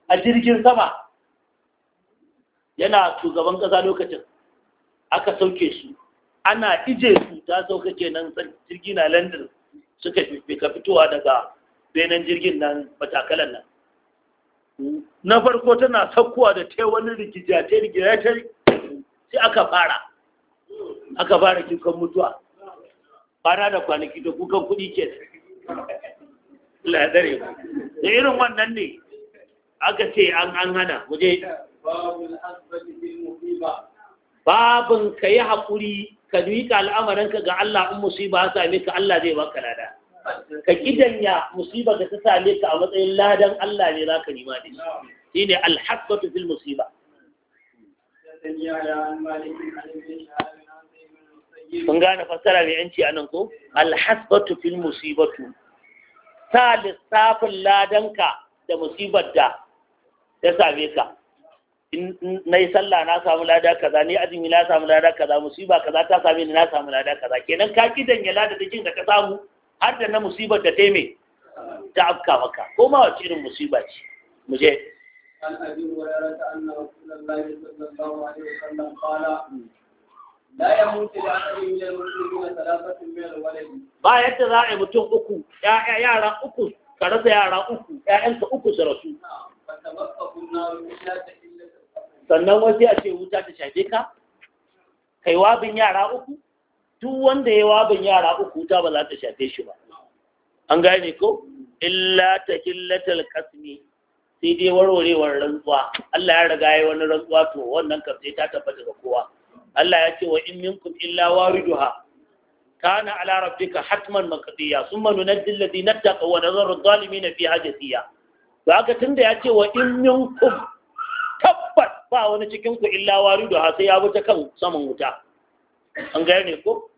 a jirgin sama yana shugaban ƙasa lokacin aka sauke su ana ije su ta sauka kenan jirgi na landin suka fifika fitowa daga benin jirgin nan matakalan nan na farko tana saukowa da ta wani rigijace rigijace sai aka fara aka fara kinkan mutuwa Fara da kwanaki da kukan kuɗi ke ladare da irin wannan ne aka ce an an hana waje babin ka yi haƙuri ka miƙa al'amarinka ga Allah in musiba ta same ka Allah zai baka lada ka kidanya musiba ka ta same ka a matsayin ladan Allah ne zaka nima da shi shine al-haqqatu fil musiba kun gane fassara mai yanci a nan ko alhasbatu fil musibatu sa lissafin ladanka da musibar da ya same ka na yi sallah na samu lada kaza ni azumi na samu lada kaza musiba kaza ta same ni na samu lada kaza kenan ka ki danya lada da jin da ka samu har da na musibar da taime ta afka maka ko ma wace irin musiba ce mu je an abi hurairah anna rasulullahi sallallahu alaihi wasallam qala la yamutu li ahadin min al-muslimin thalathatun min al-walad ba yadda za a yi mutum uku yara uku ka rasa yara uku ƴaƴanka uku su rasu fatabaqqa kunna illa sannan wasu a ce wuta ta shafe ka kai wabin yara uku duk wanda ya wabin yara uku wuta ba za ta shafe shi ba an gane ko illa ta killatal kasmi sai dai warwarewar rantsuwa Allah ya riga ya wani rantsuwa to wannan sai ta tabbata ga kowa Allah ya ce wa in minkum illa wariduha kana ala rabbika hatman maqdiya thumma nunajji alladhina ittaqaw wa nadharu adh fi fiha jathiya to haka tunda ya ce wa in minkum tabbat ba wani cikin ku illa wari da sai ya wuce kan saman wuta an gaya ne ko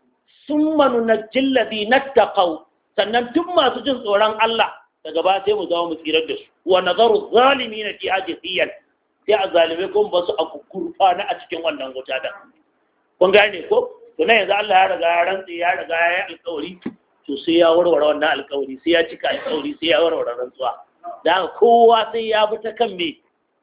sun manu na jillabi na taƙau sannan duk masu jin tsoron Allah daga ba sai mu zama mu tsirar da su wa nazaru zalimi na fi ajisiyan sai a kun ba su a kurfa na a cikin wannan wuta da kun ne ko to yanzu Allah ya riga ya rantsi ya riga ya yi alƙawari to sai ya warware wannan alƙawari sai ya cika alƙawari sai ya warware rantsuwa da kowa sai ya bi ta kan me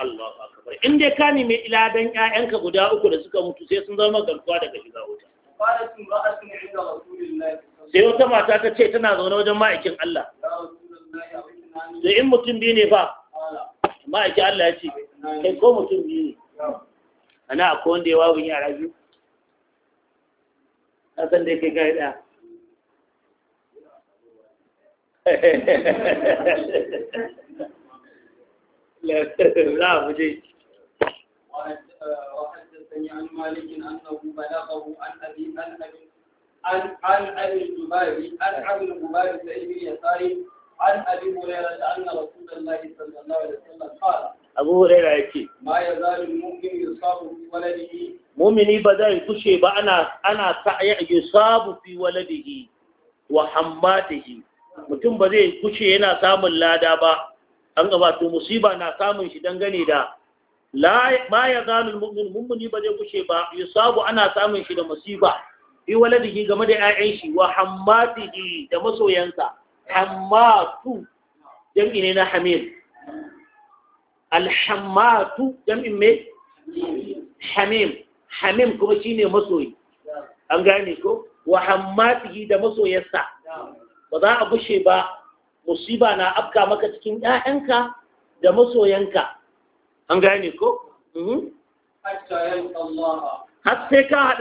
Allahu in dai ka nemi iladan ƴaƴanka guda uku da suka mutu sai sun zama garkuwa daga shiga wuta sai wata mata ta ce tana zaune wajen ma'aikin Allah da in mutum biyu ne fa ma'aikin Allah ya ce kai ko mutum biyu ne ana akwai wanda ya wawun yara biyu na san dai kai gari ɗaya لا وحدثني عن مالك انه بلغه ان ابي ان عن ابي الزبير عن ابي الزبير بن يساري عن ابي هريره ان رسول الله صلى الله عليه وسلم قال abu huraira yake ma ya zari mu'mini yusabu fi waladihi mu'mini ba zai kushe ba ana ana sa ya yusabu fi waladihi wa hammatihi mutum ba zai kushe yana samun lada ba an gaba to musiba na samun shi dangane da la ma ya zanu mu'min mummuni ba zai kushe ba yusabu ana samun shi da musiba fi waladihi game da 'ya'yan shi wa hammatihi da masoyansa hammatu jam'i ne na hamil alhammatu jam'in me hamim hamim kuma shine masoyi an gane ko wa hammatihi da masoyansa ba za a bushe ba musiba na afka maka cikin ƴaƴanka da masoyanka an gaya gane ko mhm. har ka haɗu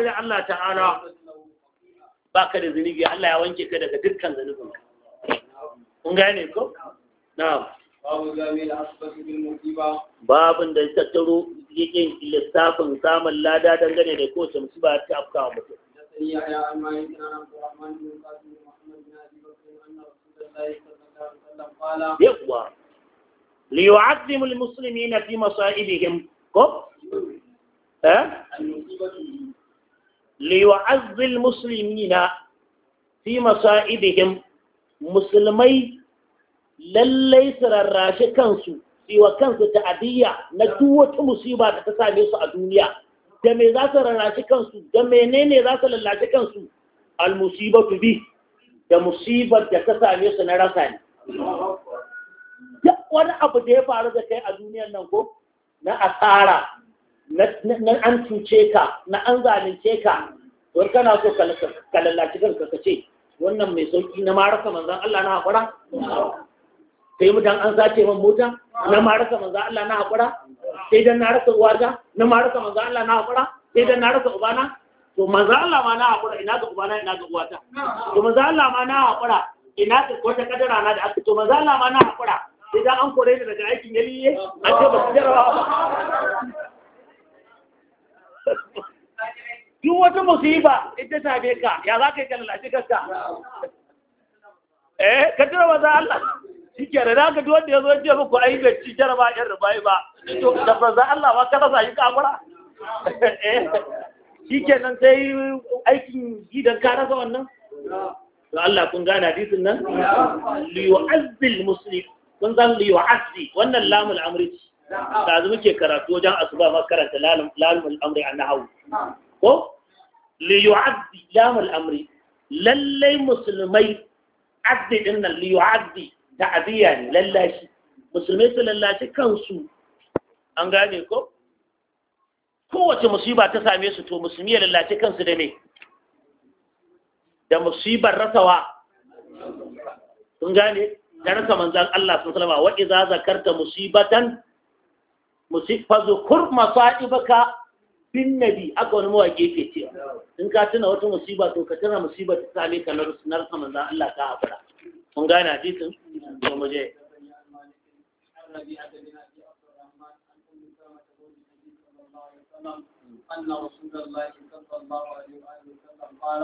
da Allah ta'ala ba ka da zunubi Allah ya wanke ka daga dukkan zunubinka an gaya gane ko na'am babun da ta taro yakin lissafin samun lada don dangane da kowace ba ta afka wa mutum ya ya amma yin tsanan kuwa amma yin tsanan kuwa amma yin tsanan kuwa amma yin tsanan kuwa yawwa li yu'azzimu al-muslimina fi masaibihim ko eh li yu'azzi al-muslimina fi masaibihim musulmai lallai su rarrashi kansu wa kansu ta'adiyya na duk wata musiba da ta same su a duniya da me za su rarrashi kansu da menene za su lallashi kansu al-musibatu bi da musibar da ta same su na rasa ne duk wani abu da ya faru da kai a duniyar nan ko na asara na an cuce ka na an zalunce ka wani kana so ka lallaci kanka ka ce wannan mai sauki na maraka manzan Allah na haƙura sai mu dan an sace man mota na maraka manzan Allah na haƙura sai dan na rasa uwata na maraka manzan Allah na haƙura sai dan na rasa ubana to manzan Allah ma na haƙura ina ga ubana ina ga uwata to manzan Allah ma na haƙura ina ka wata kadara na da aka to maza Allah ma na hakura idan an kore ni daga aikin yaliye an ce ba su jarawa duk wata musiba ita be ka ya za ka yi kalalashi gaska? eh kadara maza Allah shi ke da haka duk wanda ya zo ce muku ai bai ci jaraba yan rubai ba to da maza Allah ma ka rasa shi kamura eh shi ke nan sai aikin gidan ka rasa wannan to Allah kun gane hadisin nan liyu'azzil muslim kun san liyu'azzi wannan lamul amri ce da azu muke karatu wajen asuba ma karanta lamul amri an nahawu ko liyu'azzi lamul amri lallai musulmai azzi din nan liyu'azzi ta'ziya ne lallashi musulmai su lallashi kansu an gane ko kowace musiba ta same su to musulmi ya lallace kansu da me da musibar rasawa sun gane da rasa manzan Allah sun salama wa iza zakarta musibatan zukur masa'ibaka bin nabi aka wani mawa ke cewa in ka tuna wata musiba to ka tuna musibar ta same ka na rasa manzan Allah ka haƙura kun gane ne ko mu je أن رسول الله صلى الله عليه وسلم قال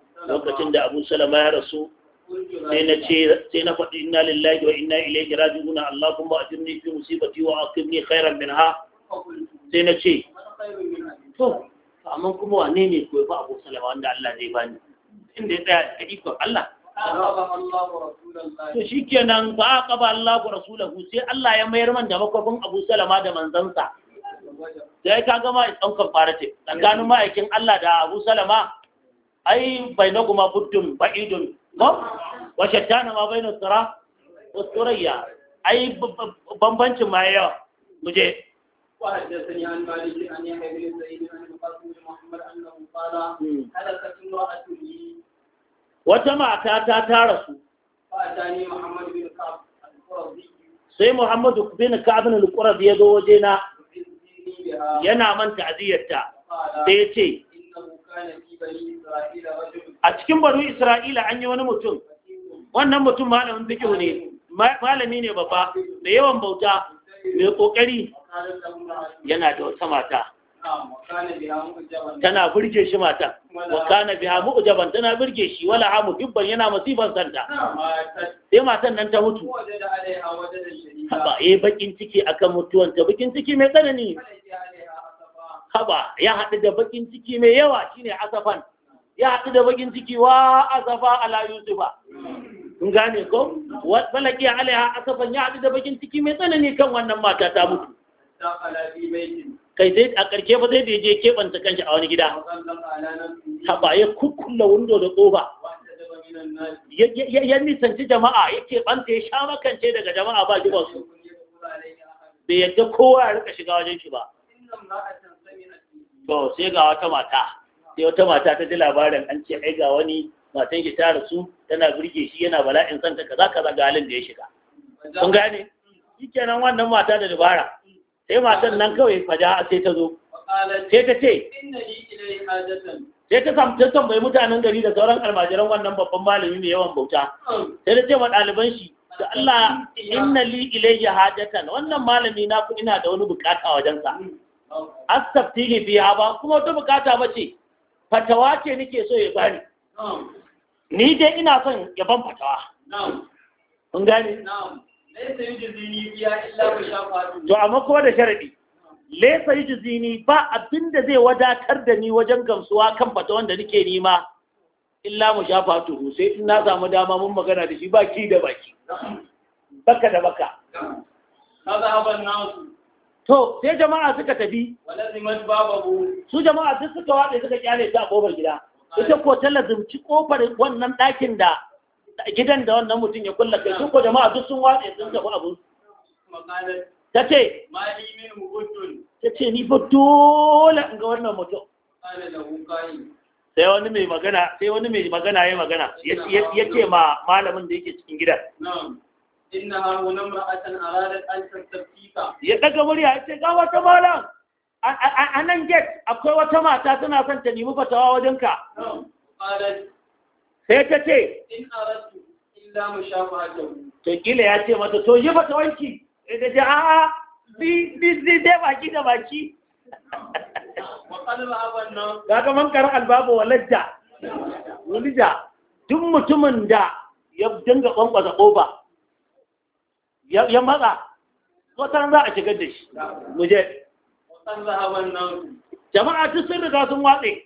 lokacin da abu salama ya rasu sai na ce sai na faɗi inna lillahi wa inna ilaihi raji'un Allah kuma ajirni fi musibati wa aqibni khairan minha sai na ce to amma kuma wa ne koyi ba abu salama wanda Allah zai bani inda ya tsaya da ikon Allah to shi kenan ba a kaba Allah wa rasulahu sai Allah ya mayar man da makwafin Abu Salama da manzansa sai ka gama is ɗaukar ce. tsakanin ma'aikin Allah da Abu Salama ai bainakuma buddun ba'idun ko wa shaddana ma bainu sura wa surayya ai bambancin ma yawa muje وحدثني عن ta tara su بن سعيد عن القاسم بن محمد sai Muhammad bin Ka'ab al-Qurazi ya zo wajena yana manta aziyarta sai ya ce a cikin banu isra'ila an yi wani mutum wannan mutum malamin fikihu ne malami ne babba da yawan bauta mai kokari yana da wata mata tana birge shi mata Wakana biya biha mu'jaban tana birge shi wala ha muhibban yana masifan santa sai matan nan ta mutu ba eh, bakin ciki akan mutuwanta bakin ciki mai tsanani haba ya haɗu da bakin ciki mai yawa shine asafan ya haɗu da bakin ciki wa asafa ala yusufa kun gane ko ya alaiha asafan ya haɗu da bakin ciki mai tsanani kan wannan mata ta mutu kai sai a ƙarshe ba sai da je keɓanta kanshi a wani gida haba ya kukkulla wundo da ƙofa ya nisanci jama'a ya keɓanta ya sha makance daga jama'a ba ji ba su bai yadda kowa ya rika shiga wajen shi ba to sai ga wata mata sai wata mata ta ji labarin an ce ai ga wani matan shi ta rasu tana burge shi yana bala'in santa kaza kaza ga halin da ya shiga kun gane shikenan wannan mata da dubara sai matan nan kawai faja sai ta zo sai ta ce sai ta samu ta tambayi mutanen gari da sauran almajiran wannan babban malami mai yawan bauta sai ta ce wa ɗaliban shi da Allah inna li ilayhi hajatan wannan malami na ku ina da wani bukata wajen wajensa astaftini biya ba kuma wata bukata ba ce fatawa ce nake so ya bani ni dai ina son ya ban fatawa kun gane to amma kuma da sharadi laisa yi jizini ba abin da zai wadatar da ni wajen gamsuwa kan fatawan da nake nima illa mu sha fatu sai in na samu dama mun magana da shi baki da baki baka da baka kaza haban nasu to sai jama'a suka tafi su jama'a duk suka waɗe suka kyale ta a ƙofar gida ita ko ta lazumci ƙofar wannan ɗakin da gidan da wannan mutum ya kulla kai su ko jama'a duk sun waɗe sun tafi abu ta ce ta ce ni ba dole in ga wannan mutum sai wani mai magana sai wani mai magana ya magana ya ce ma malamin da yake cikin gidan innaha hunan ra'atan aradat an tasbika ya daga murya a ce ga wata malam a nan get akwai wata mata suna son ta nemi fatawa wajen ka sai ta ce in aratu illa mushafa'atu to kila ya ce mata to yi fatawanki da ji a a bi zai baki da baki Gaga man kar albaba wa lajja, wulija, duk mutumin da ya dinga ƙwanƙwasa ƙofa, ya matsa watan za a shigar da shi mu jama'a duk sun riga sun watse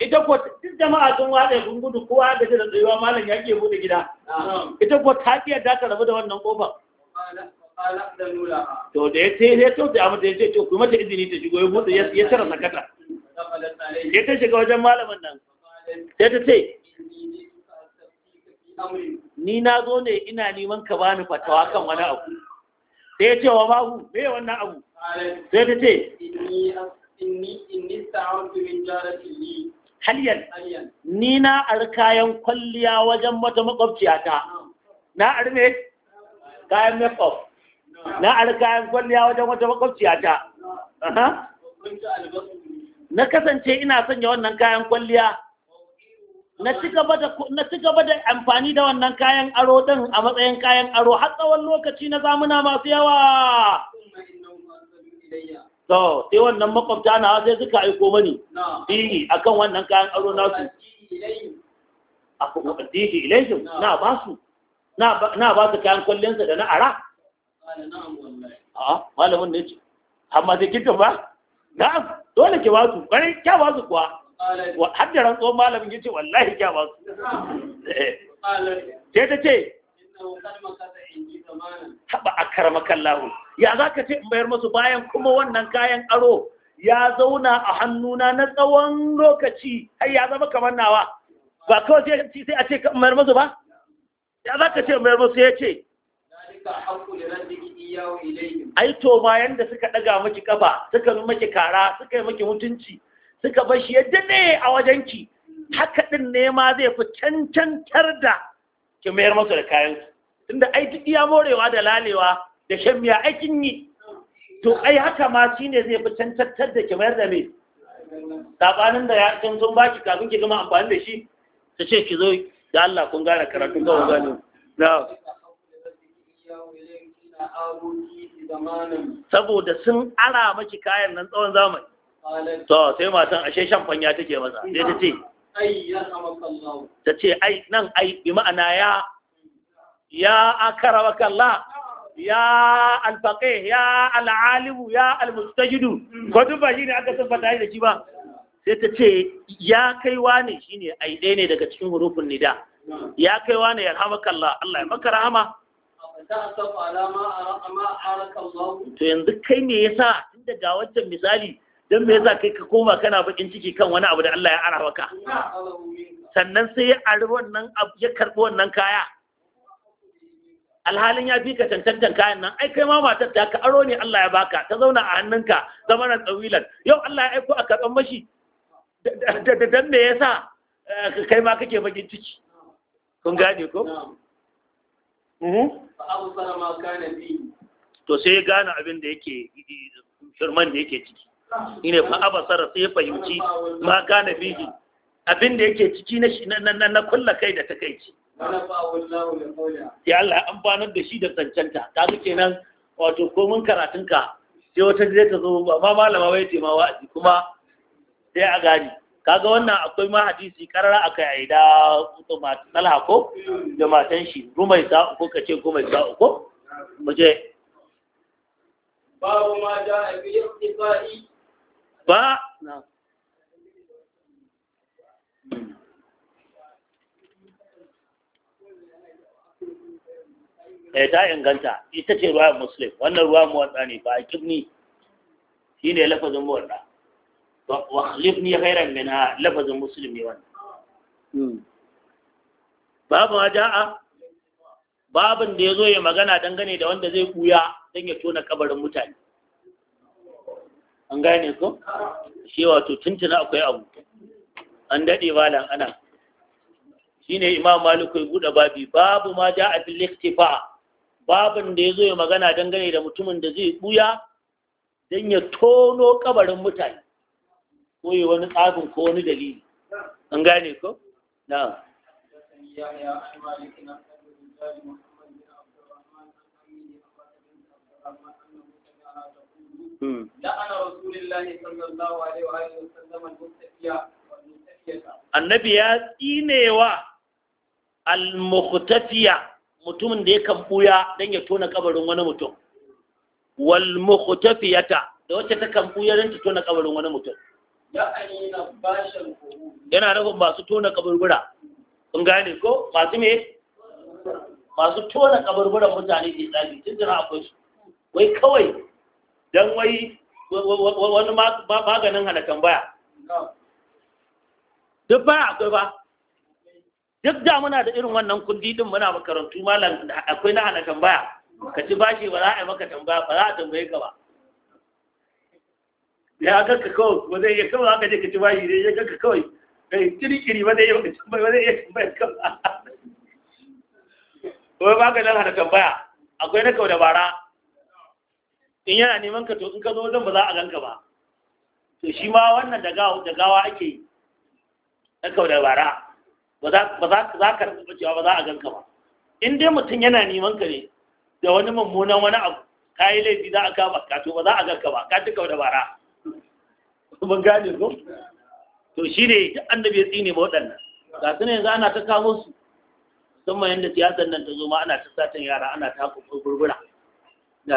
ita ko duk jama'a sun watse sun gudu kowa da da tsayuwa malam ya ke bude gida ita ko ta ki yadda ta rabu da wannan kofar to da ya ce ya to da amma ya ce to kuma ta izini ta shigo ya bude ya tara sakata ya ta shiga wajen malamin nan sai ta ce ni na zo ne ina neman ka bani fatawa kan wani abu sai ya ce wa babu me wannan abu sai ta ce haliyan ni na ar kayan kwalliya wajen wata makwabciyata na ar ne kayan makwab na ar kayan kwalliya wajen wata makwabciyata na kasance ina sanya wannan kayan kwalliya na ci gaba da amfani da wannan kayan aro ɗin a matsayin kayan aro har tsawon lokaci na zamuna masu yawa to sai wannan makwabta na sai suka aiko mani a akan wannan kayan aro nasu dihi ilaihim na ba su na ba su kayan kwallinsa da na ara a ah, malamin ne ce amma sai kinta ba na dole ke ba su kwarai kya ba su kuwa har rantsuwar malamin ya ce wallahi kya ba su sai ta ce haɓa a karmakan lahu ya za ka ce in bayar masu bayan kuma wannan kayan aro ya zauna a hannuna na tsawon lokaci har ya zama kamar nawa ba kawai sai a ce in bayar masu ba ya za ka ce in bayar masu ya ce Aito to ma yanda suka ɗaga maki kafa suka yi maki kara suka yi maki mutunci suka bar shi ya dane a wajenki haka din ne ma zai fi cancantar da ki mayar masa da kayan su. tunda ai duk iya morewa da lalewa da shan miya aikin yi to ai haka ma shine zai fi cancantar da ki mayar da me sabanin da ya can sun baki kafin ki gama amfani da shi ta ce ki zo da Allah kun gane karatu ga wani na saboda sun ara maki kayan nan tsawon zamani to sai matan ashe shan fanya take masa sai ta ce ta ce ai nan ai bi ma'ana ya ya akaramaka Allah ya alfaqih ya alalimu ya almustajidu ko duk ba shine aka fata da shi ba sai ta ce ya kaiwa ne shine ai dai ne daga cikin hurufin nida ya kaiwa ne yarhamaka Allah Allah ya maka rahama to yanzu kai me yasa tunda ga wancan misali don me yasa kai ka koma kana bakin ciki kan wani abu da Allah ya ara maka sannan sai ya ari wannan ya karɓi wannan kaya alhalin ya fi ka cancantan kayan nan ai kai ma matar ta ka aro ne Allah ya baka ta zauna a hannunka zamanan tsawilan yau Allah ya aiko a karɓar mashi da dan me yasa eh, kai ma kake bakin ciki kun gane ko mhm. to sai ya gane abin da yake eh, eh, shirman da yake ciki shine fa abasara sai fahimci ma kana fihi abin da yake ciki na na na kulla kai da takeici ya Allah an banar da shi da tsancanta kaga kenan wato mun karatunka sai wata zai ta zo ba ma malama bai ce ma wa'azi kuma sai a gani kaga wannan akwai ma hadisi karara aka yi da talha ko da matan shi rumai za ko ka ce mai za uku ko. babu ma da iqtisa'i ba hmm. eh ta inganta ita ce ruwa muslim wannan ruwa muwadda ne ba a shi ne lafazin muwadda wa khlifni khairan minha lafazin muslim ne wannan hmm. babu ja'a babin da ya zo ya magana dangane da wanda zai kuya don ya tona kabarin mutane an gane ko shi wato tuntuna akwai abu an daɗe malam ana shine imam maliku ya buɗe babi babu ma ja a filiktifa babin da ya zo ya magana dangane da mutumin da zai buya don ya tono kabarin mutane ko yi wani tsabin ko wani dalili an gane ko na Hmm. annabi ya tsinewa al-mukhtafiya mutumin da kan buya dan ya tona kabarin wani mutum wal mukhtafiyata da wacce ta kan buya dan ta tona kabarin wani mutum yana nufin masu tona kaburbura kun gane ko masu me masu tona kaburburan mutane ke tsari tun jira akwai su wai kawai don wai wani maganin hana tambaya duk ba akwai ba duk da muna da irin wannan kundi din muna makarantu malam akwai na hana tambaya ka ci shi ba za a yi maka tambaya ba za a tambaye ka ba ya kanka kawai ba zai iya kawai haka je ka ci ba shi ya kanka kawai kai kirkiri ba zai iya tambaya ba zai iya tambaya kawai maganin hana tambaya akwai na kawai dabara in yana neman ka to in ka zo wajen ba za a ganka ba to shi ma wannan da gawa ake yi na kau da bara ba za ka rasa cewa ba za a ganka ba in dai mutum yana neman ka ne da wani mummunan wani abu ka yi laifi za a kama ka to ba za a ganka ba ka ci kau da bara ban gane ko to shi ne duk annabi ya tsine ba waɗannan ga su ne yanzu ana ta kamo su musamman yadda siyasar nan ta zo ma ana ta satan yara ana ta kuɓur burbura Hmm.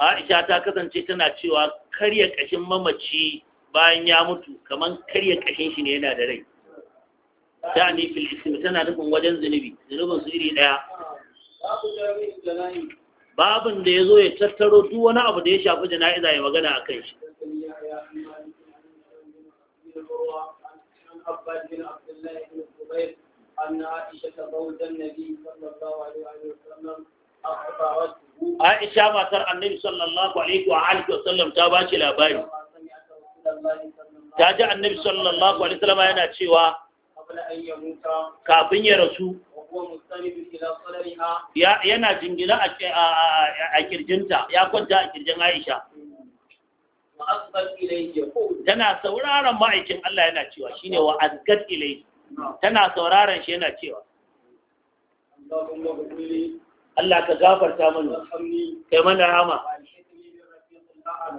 Aisha ta kasance tana cewa karya kashin mamaci bayan ya mutu kamar karya kashin shi ne yana da rai. Ta nufin fil tana nufin wajen zunubi, zunubin su iri ɗaya. babin da ya zo ya tattaro duk wani abu da ya shafi jana'iza ya magana a kai shi Aisha matar annabi sallallahu alaihi wa alihi Sallam ta ba shi labari. Ta ji annabi sallallahu alaihi wasallam yana cewa kafin ya rasu yana jingina a kirjinta ya kwanta a kirjin Aisha tana sauraron ma'aikin Allah yana cewa ne wa azgat ilai tana sauraron shi yana cewa Allah ka gafarta mana kai mana rama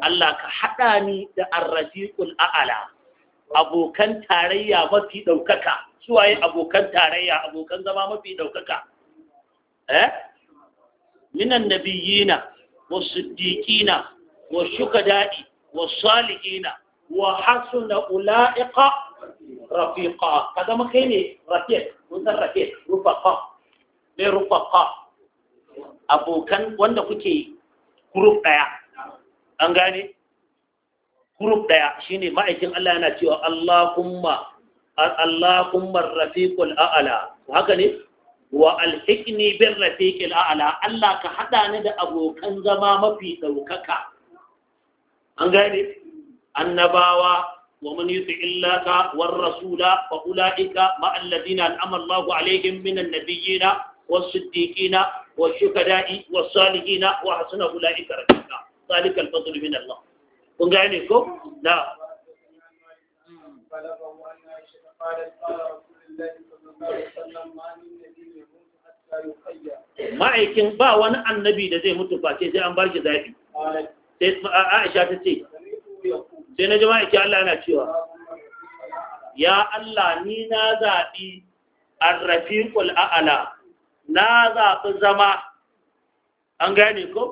Allah ka haɗa ni da arrafiqul a'la abokan tarayya mafi ɗaukaka suwaye abokan tarayya abokan zama mafi ɗaukaka eh minan nabiyina wasiddiqina washukada'i na, wa hasuna ula'ika rafiqa ka zama kai ne rafiq mun san rafiq rufaqa ne rufaqa abokan wanda kuke group ɗaya an gane group daya shine ma'aikin Allah yana cewa Allahumma Allahumma rafiqul a'la haka ne wa alhikni bin rafiqil a'la Allah ka hada ni da abokan zama mafi daukaka an gane annabawa wa man yuti illaka war rasula wa ulaika ma alladhina an'ama Allahu alaihim minan nabiyyina والصديقين والشهداء والصالحين وحسن أولئك رفيقا ذلك الفضل من Allah. kun gane ko na ma'aikin ba wani annabi da zai mutu face sai an bar shi zafi aisha ta ce sai na ji ke Allah yana cewa ya Allah ni na zaɓi arrafin ƙul'a'ala na zaɓi zama an gane ko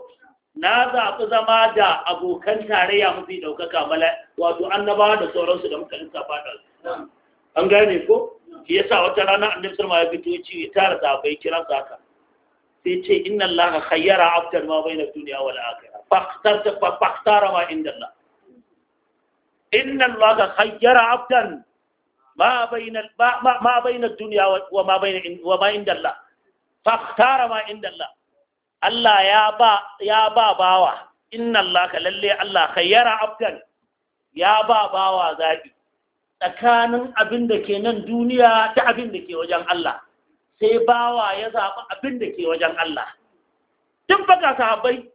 na zaɓi zama da abokan tarayya mafi ɗaukaka mala wato annaba da sauransu da muka lissafa da an gane ko shi yasa wata rana annabi sallallahu alaihi wasallam ya fito ya tara sahabbai kiran saka sai ce inna Allah khayyara abdan ma baina dunya wal akhirah faqtarta faqtara ma inda Allah inna Allah khayyara abdan ma baina ma baina dunya wa ma baina wa ma inda Allah faqtara ma inda Allah Allah ya ba bawa inna Allah ka lalle Allah khayyara abdan ya ba bawa zabi tsakanin abin da ke nan duniya da abin da ke wajen Allah sai bawa ya zaɓi abin da ke wajen Allah tun baka sahabbai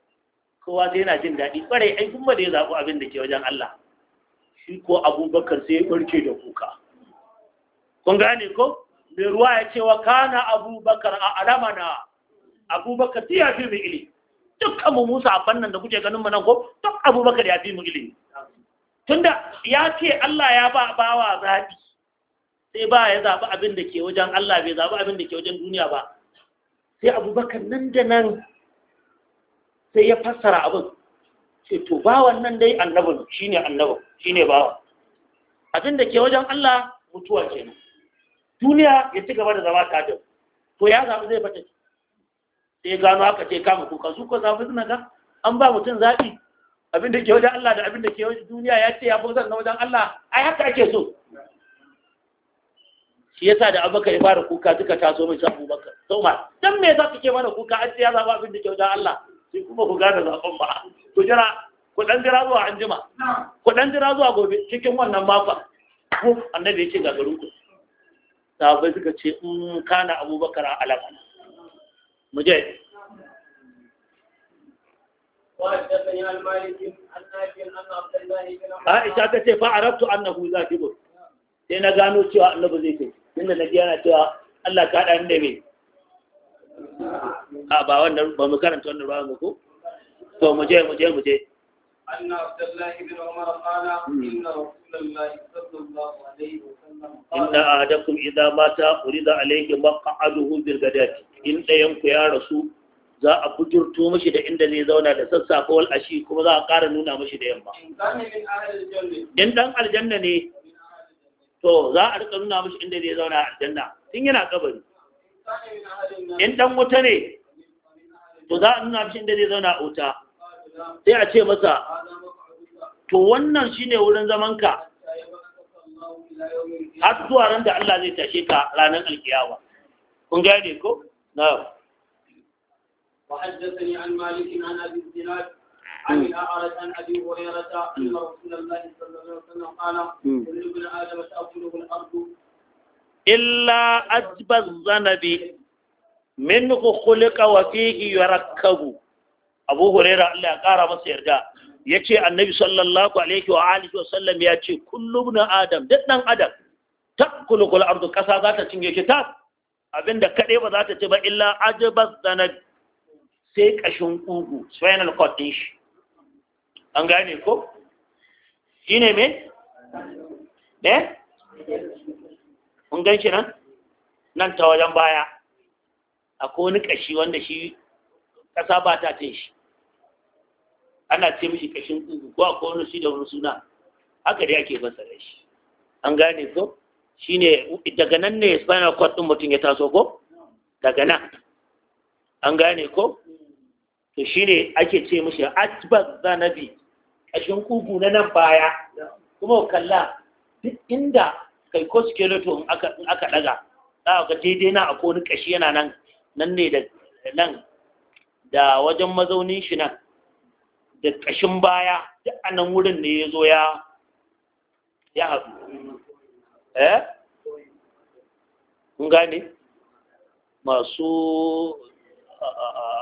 kowa sai yana jin daɗi ƙwarai ai kuma da ya zaɓi abin da ke wajen Allah shi ko abubakar sai ya ɓarke da kuka kun gane ko mai ruwa ya ce wa kana abubakar a alamana abubakar ya fi mu ilimi dukkan mu musa abban nan da kuke ganin mu nan ko duk abubakar ya fi mu ilimi tunda ya ce Allah ya ba bawa zaɓi sai ba ya zaɓi abin da ke wajen Allah bai zaɓi abin da ke wajen duniya ba sai abubakar nan da nan sai ya fassara abin sai to bawan nan dai annabin shine annabin shine bawa abin da ke wajen Allah mutuwa kenan duniya ya ci gaba da zama tajin to ya zaɓi zai fata sai gano haka ce kama kuka su ko safi suna ga an ba mutum zaɓi abin da ke wajen Allah da abin da ke wajen duniya ya ce ya fi na wajen Allah ai haka ake so shi yasa da abubakar ya fara kuka duka taso mai sabu baka ma dan me za ku ke mana kuka an ce ya zaɓa abin da ke wajen Allah sai kuma ku gane zaɓen ba ku jira ku jira zuwa anjima ku ɗan jira zuwa gobe cikin wannan makon annabi ya ce ga garin ku sahabbai suka ce in mm, kana abubakar a alamana مجاهد وحدثني ta ce fa نافع ان عبد الله بن عمر عائشه sai na gano cewa annabi zai kai inda na yana cewa Allah ka haɗa da me a ba wannan ba mu karanta wannan ruwan ko to mu je أن عبد الله بن عمر قال إن رسول الله صلى الله عليه وسلم قال إن أحدكم إذا مات أريد عليه مقعده بالغداة إن ينكو يا رسول za a kujurto mashi da inda zai zauna da sassafa wal ashi kuma za a ƙara nuna mashi da yamma in dan aljanna ne to za a rika nuna mashi inda zai zauna a aljanna tun yana kabari in dan wuta ne to za a nuna mashi inda zai zauna a wuta sai a ce masa to wannan shine wurin zaman ka har zuwa ran da Allah zai tashe ka ranar alkiyawa kun gane ko na wa haddathani an malik an abi zinad an ya'ara an abi hurayra anna rasulullahi sallallahu alaihi wasallam qala hmm. kullu ibn adam illa ajba zanabi min khuliqa wa fihi yarakkabu abu huraira Allah ya ƙara masa yarda ya ce annabi sallallahu alaihi wa alihi wa sallam ya ce kullum na adam duk ɗan adam ta kulukul ardu ƙasa za ta cinye ki ta abinda kaɗai ba za ta ci ba illa ajabas zanad sai kashin kugu spinal cord an gane ko shine me? ne? mun shi nan? nan ta wajen baya akwai wani kashi wanda shi ƙasa ba ta ce shi ana ce mishi kashin kugu ko akwai wani shi da wani suna haka dai ake fassara shi an gane ko shine daga nan ne spinal cord din mutum ya taso ko daga nan an gane ko to shine ake ce mishi atbar zanabi kashin kugu na nan baya kuma kalla duk inda kai ko skeleton aka in aka daga za ka daidai na akwai wani kashi yana nan nan ne da nan da wajen mazaunin shi nan da ƙashin baya duk a nan wurin ne ya zo ya haɗu eh kun gane masu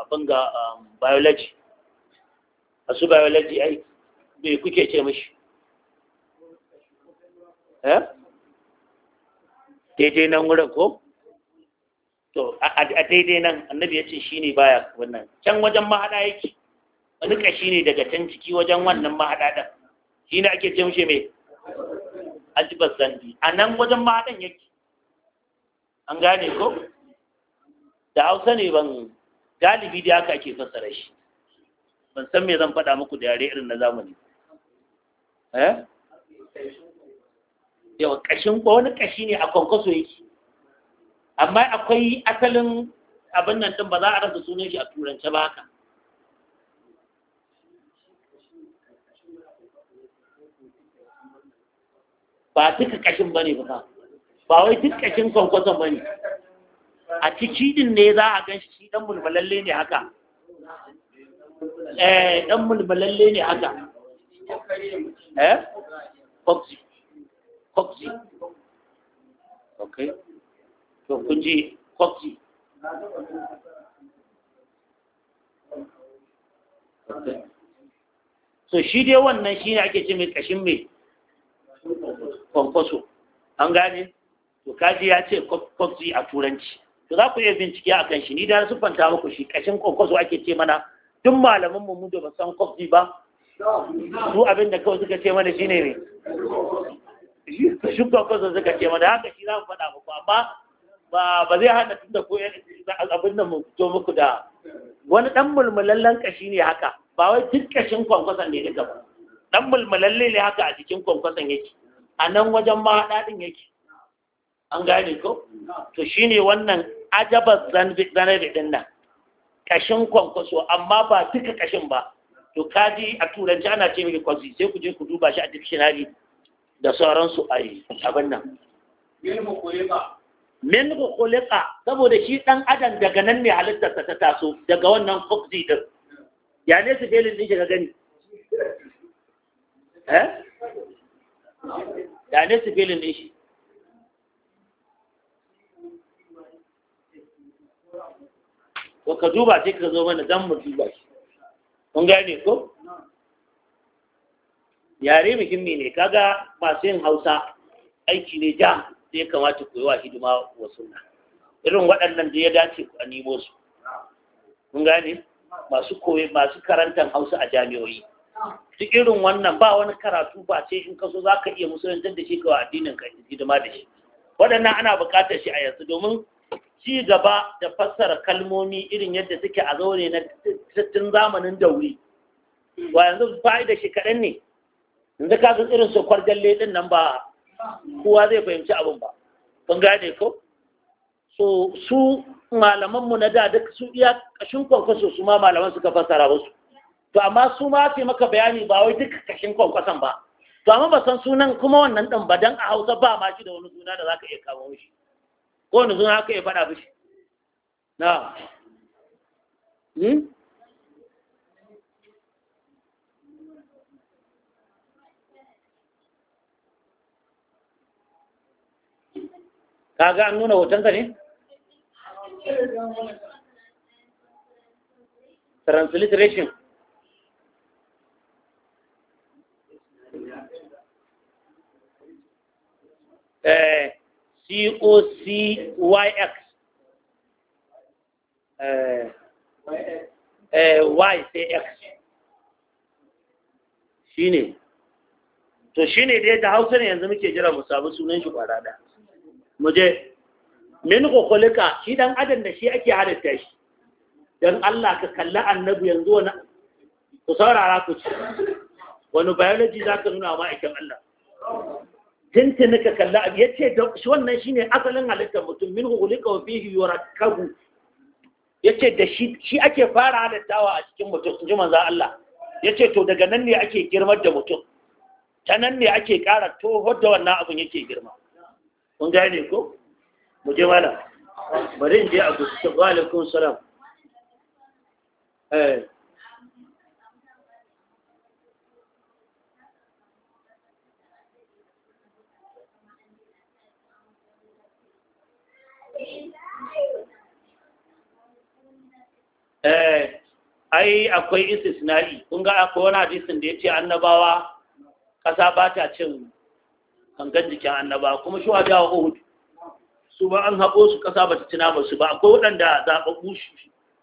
abin ga um, biology masu biology ai bai kuke ce mashi eh daidai nan wurin ko to a daidai nan annabi ya ce shi ne baya wannan can wajen mahaɗa yake wani shi ne daga can ciki wajen wannan mahaɗaɗa. shi ne ake ce mushe mai ajibar zandi a nan wajen mahaɗan yake an gane ko da hausa ne ban galibi da aka ake fassara shi ban san me zan faɗa muku da yare irin na zamani eh yawa ƙashin ko wani ƙashi ne a kwankwaso yake amma akwai asalin abin nan ɗin ba za a rasa sunan shi a turance ba haka ba duka kashin ba ne ba ba wai duk kashin kwankwason ne a ciki din ne za a gan shi dan mulmulalle ne haka eh dan mulmulalle ne haka eh foxy foxy ok to kun ji foxy so shi dai wannan shi ne ake ce mai kashin mai kwankwaso an gane to kaji ya ce kwakwafi a turanci to za ku iya bincike a kan shi ni da na siffanta muku shi kashin kwankwaso ake ce mana duk malaman mu da ba san kwakwafi ba su abin da kawai suka ce mana shine ne shi kwankwaso suka ce mana haka shi za mu faɗa muku amma ba ba zai hana tun da koyar abin da mu fito muku da wani ɗan mulmulallen kashi ne haka ba wai duk kashin kwankwason ne duka ba dan mulmulalle ne haka a jikin kwankwason yake a nan wajen mahaɗa ɗin yake an gane ko to shine wannan ajabar zanabi ɗin nan ƙashin kwankwaso amma ba duka ƙashin ba to kaji a turanci ana ce mai kwazi sai ku je ku duba shi a dictionary da sauransu a yi abin nan min khuliqa saboda shi ɗan adam daga nan ne halittarsa ta taso daga wannan kwazi din ya ne su felin din shi ka gani eh da ne su filin ne shi Ko ka duba sai ka zo mana zan mu duba shi kun gane ko yare muhimmi ne kaga masu yin hausa aiki ne ja da ya kamata ku yi wa hidima wa suna, irin waɗannan da ya dace a nemo su kun gane masu koyi masu karantar hausa a jami'o'i duk irin wannan ba wani karatu ba ce in kaso za ka iya musulantar da shi kawai addinin ka hidima da shi waɗannan ana buƙatar shi a yanzu domin ci gaba da fassara kalmomi irin yadda suke a zaune na tun zamanin dauri wa yanzu fa'ida shi kaɗan ne yanzu ka san irin su kwarjalle ɗin nan ba kowa zai fahimci abin ba kun gane ko so su malamanmu na da duk su iya ƙashin kwankwaso su ma malaman suka fassara wasu to amma su ma sai maka bayani ba wai duka kashin kwankwason ba to amma ba san sunan kuma wannan ɗan ba a hausa ba ma shi da wani suna da za ka iya kawo shi ko wani suna haka iya faɗa mishi na hmm? kaga an nuna ka ne? transliteration C O C y x eh, eh, shi ne to shi ne dai da hausa ne yanzu muke jira mu samu sunan shi kwara da muje min kokolika shi dan adam da shi ake halitta shi dan Allah ka kalli annabi yanzu wani ku saurara ku ci wani biology za ka nuna ma'aikin Allah tuntuni nika kalla abu ya ce wannan shi ne asalin halittar mutum min hulika wa fihi kagu ya ce da shi ake fara halittawa a cikin mutum in ji manza Allah ya ce to daga nan ne ake girmar da mutum ta nan ne ake ƙara toho da wannan abin yake girma kun gane ko mu je mana bari in je a gusa wa alaikum salam eh Eh, ai akwai istisna'i kun ga akwai wani hadisin da ya ce annabawa ƙasa ba ta cin gangan jikin annabawa kuma shi wa jawo uhud su ba an haɓo su ƙasa ba ta cina ba su ba akwai waɗanda zaɓaɓɓu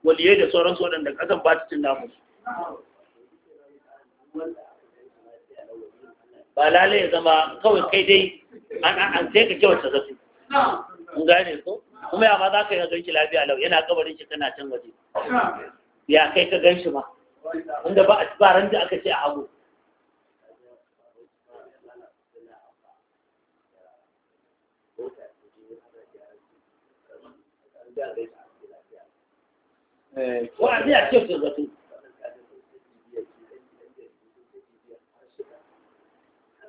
waliye da sauransu waɗanda ƙasan ba ta cina ba su ba lalai ya zama kawai kai dai an sai ka kyauta zafi kun gane ko kuma ya ma za ka yi ganshi lafiya lau yana kabarin shi kana can waje ya kai ka ganshi ma inda ba a tsibaran da aka ce a hagu wa'azi a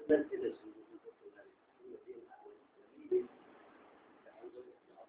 Thank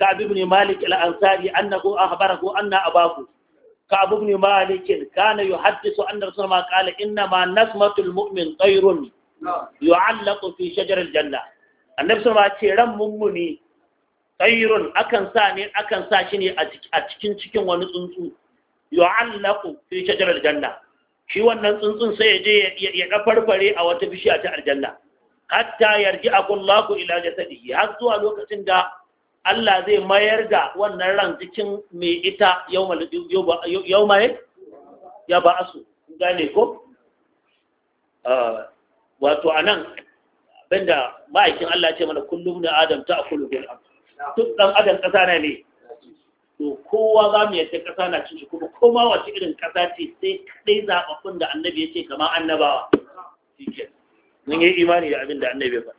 كعب بن مالك الأنصاري أنه أخبره أن أباه كعب بن مالك كان يحدث أن رسول الله قال إنما نسمة المؤمن طير يعلق في شجر الجنة النبي صلى الله عليه وسلم mummuni tsayirun akan sa ne akan sa shi ne a cikin cikin wani tsuntsu yu'allaqu shi wannan tsuntsun sai ya je ya dafarfare a wata bishiya ta aljanna hatta yarji aqullahu ila jasadihi har zuwa lokacin da Allah zai mayar da wannan ran cikin mai ita yau mai ya ba su gane ko? Ah, wato a nan, abinda ma'aikin Allah ce mana kullum na Adam ta akulu bin Duk ɗan Adam ƙasa na ne, to kowa za mu yadda ƙasa na cin shi kuma koma wace irin ƙasa ce sai kaɗai zaɓaɓɓun da annabi ya ce kama annabawa. Mun yi imani da abin da annabi ba.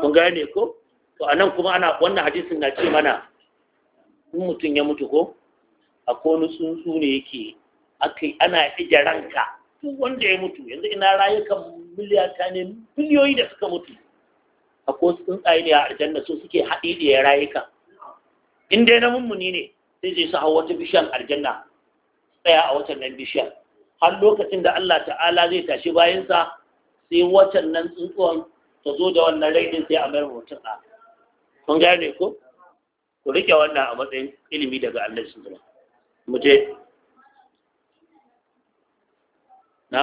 Kun gane ko? to anan kuma ana wannan hadisin na ce mana in mutum ya mutu ko a wani tsuntsu ne yake akai ana ije ranka duk wanda ya mutu yanzu ina rayukan miliyata ne miliyoyi da suka mutu a ko tsuntsaye ne a aljanna so suke haɗe da ya rayuka in dai na mummuni ne sai je su hau wata bishiyar aljanna tsaya a watan nan bishiyar har lokacin da Allah ta'ala zai tashi bayansa sai watan nan tsuntsuwan ta zo da wannan raidin sai a mayar mutum a kun gane ko ku rike wannan a matsayin ilimi daga Allah sun zama mu je na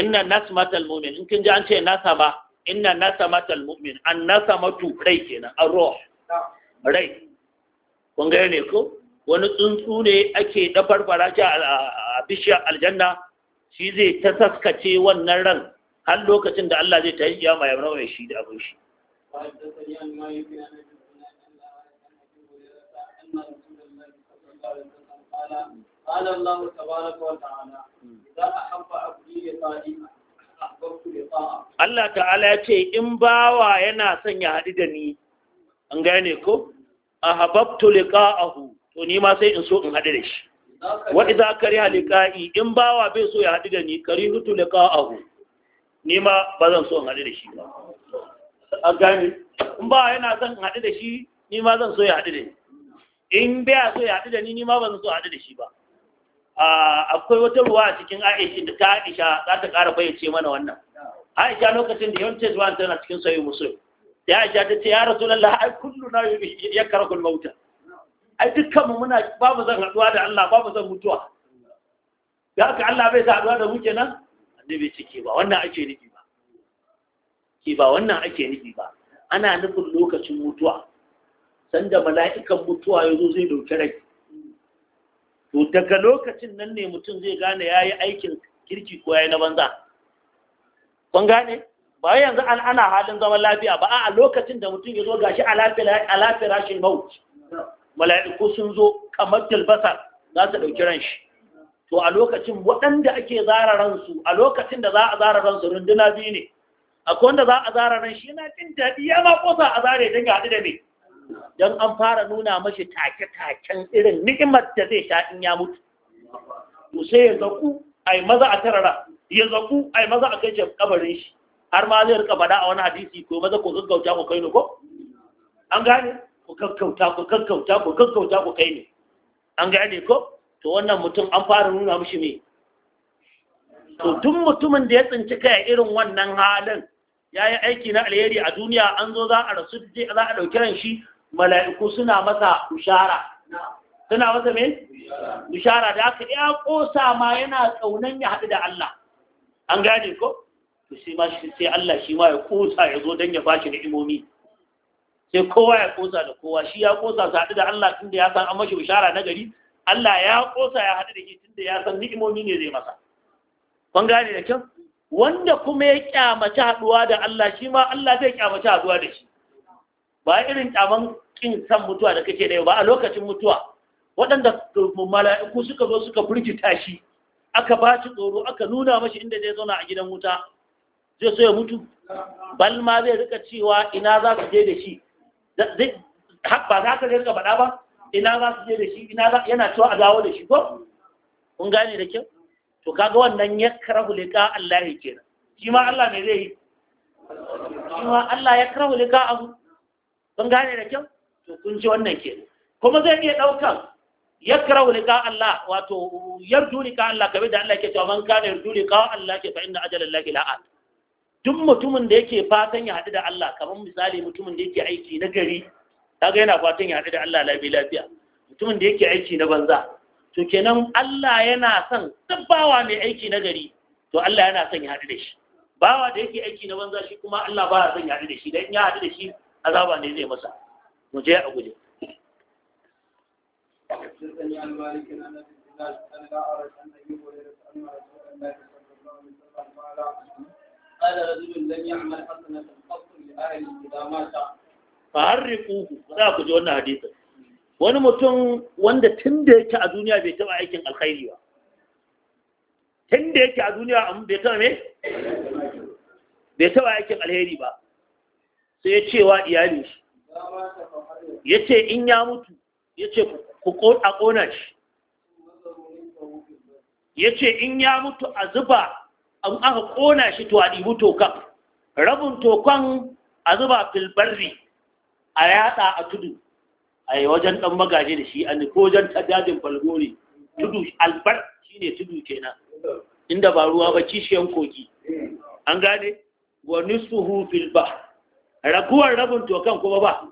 inna nasmatal mu'min in kin ji an ce nasama inna nasamatal mu'min an nasamatu rai kenan an ruh rai kun gane ko wani tsuntsu ne ake dafar farashi a bishiyar aljanna shi zai ta saskace wannan ran har lokacin da Allah zai ta yi kiyama ya mai shi da abin shi فحدثني عن مالك ان رسول الله صلى الله عليه وسلم قال قال الله تبارك وتعالى اذا احب عبدي Allah ta'ala ya ce in bawa yana son ya haɗu da ni an gane ko a hababtu liqa'ahu to ni ma sai in so in haɗu da shi wa idza kariha liqa'i in bawa bai so ya haɗu da ni karihutu liqa'ahu ni ma ba zan so in haɗu da shi ba a gani in ba yana son haɗu da shi ni ma zan so ya haɗu da ni in bai so ya haɗu da ni ni ma zan so haɗu da shi ba akwai wata ruwa a cikin Aisha da ta Aisha za ta ƙara bayyace mana wannan Aisha lokacin da yawancin zuwa tana cikin sayi musu da Aisha ta ce ya rasu, lalla ai kullu na yakaraku al-mauta ai dukkan mu muna babu zan haɗuwa da Allah babu zan mutuwa da haka Allah bai sa haɗuwa da mu kenan annabi cike ba wannan ake nufi ke ba wannan ake nufi ba ana nufin lokacin mutuwa sanda mala'ikan mutuwa ya zo zai dauki rai to daga lokacin nan ne mutum zai gane ya yi aikin kirki ko ya yi na banza kun gane ba yanzu an ana halin zaman lafiya ba a lokacin da mutum ya zo gashi a lafiyar shi maut mala'iku sun zo kamar tilbasa za su ɗauki ran shi to a lokacin waɗanda ake zara ransu a lokacin da za a zara ransu runduna biyu ne akwai wanda za a zara nan shi na jin daɗi ya ma kosa a zare dinga haɗu da me don an fara nuna mashi take-taken irin ni'imar da zai sha in ya mutu to sai ya zaku ai maza a tarara ya zaku ai maza a kai kabarin shi har ma zai rika bada a wani hadisi ko maza ko gaggauta ko kai ne ko an gane ko kankauta ko gaggauta ko gaggauta ko kai ne an gane ko to wannan mutum an fara nuna mashi me to duk mutumin da ya tsinci kai irin wannan halin ya yi aiki na alheri a duniya an zo za a rasu za a ɗauki ran shi mala'iku suna masa ushara suna masa me ushara da aka ya kosa ma yana tsaunan ya haɗu da Allah an gane ko sai ma sai Allah shi ma ya kosa ya zo don ya bashi ni'imomi sai kowa ya kosa da kowa shi ya kosa su haɗu da Allah tunda ya san an mashi ushara na gari Allah ya kosa ya haɗu da shi tunda ya san ni'imomi ne zai masa kun gane da kyau wanda kuma ya kyamaci haduwa da Allah shi ma Allah zai kyamaci haduwa da shi ba irin kyaman kin san mutuwa da kake da ba a lokacin mutuwa waɗanda mala'iku suka zo suka burkita shi aka ba shi tsoro aka nuna mashi inda zai zauna a gidan wuta zai so ya mutu bal ma zai rika cewa ina za su je da shi ba za ka rika faɗa ba ina za su je da shi ina yana cewa a dawo da shi ko kun gane da kyau to kaga wannan ya karahu liqa Allah kenan shi ma Allah ne zai yi shi ma Allah ya karahu liqa abu kun gane da kyau to kun ji wannan ke. kuma zai iya daukan ya karahu liqa Allah wato yarju liqa Allah kabe da Allah ke cewa man kana yarju liqa Allah ke fa inna ajalallahi la'a. duk mutumin da yake fatan ya haɗu da Allah kamar misali mutumin da yake aiki na gari kaga yana fatan ya haɗu da Allah lafiya mutumin da yake aiki na banza to kenan Allah yana son duk bawa mai aiki na gari to Allah yana son ya haɗu da shi bawa da yake aiki na banza shi kuma Allah ba ya son ya haɗu da shi dan ya haɗu da shi azaba ne zai masa mu je a guje قال رجل لم يعمل ku قط لأهله إذا مات فعرفوه wani mutum wanda tun da yake a duniya bai taɓa aikin alkhairi ba tun da yake a duniya bai taɓa me bai taɓa aikin alheri ba sai ya ce wa iyali shi ya ce in ya mutu ya ce ku a ƙona shi ya ce in ya mutu a zuba an aka ƙona shi to a ɗibu tokan rabin tokan a zuba filbarri a yatsa a tudu a yi wajen ɗan magaji da shi an ko wajen ta dajin falgore tudu albar shi ne tudu kenan inda ba ruwa ba kishiyan kogi an gane wa nisuhu fil ba raguwar rabin tokan kuma ba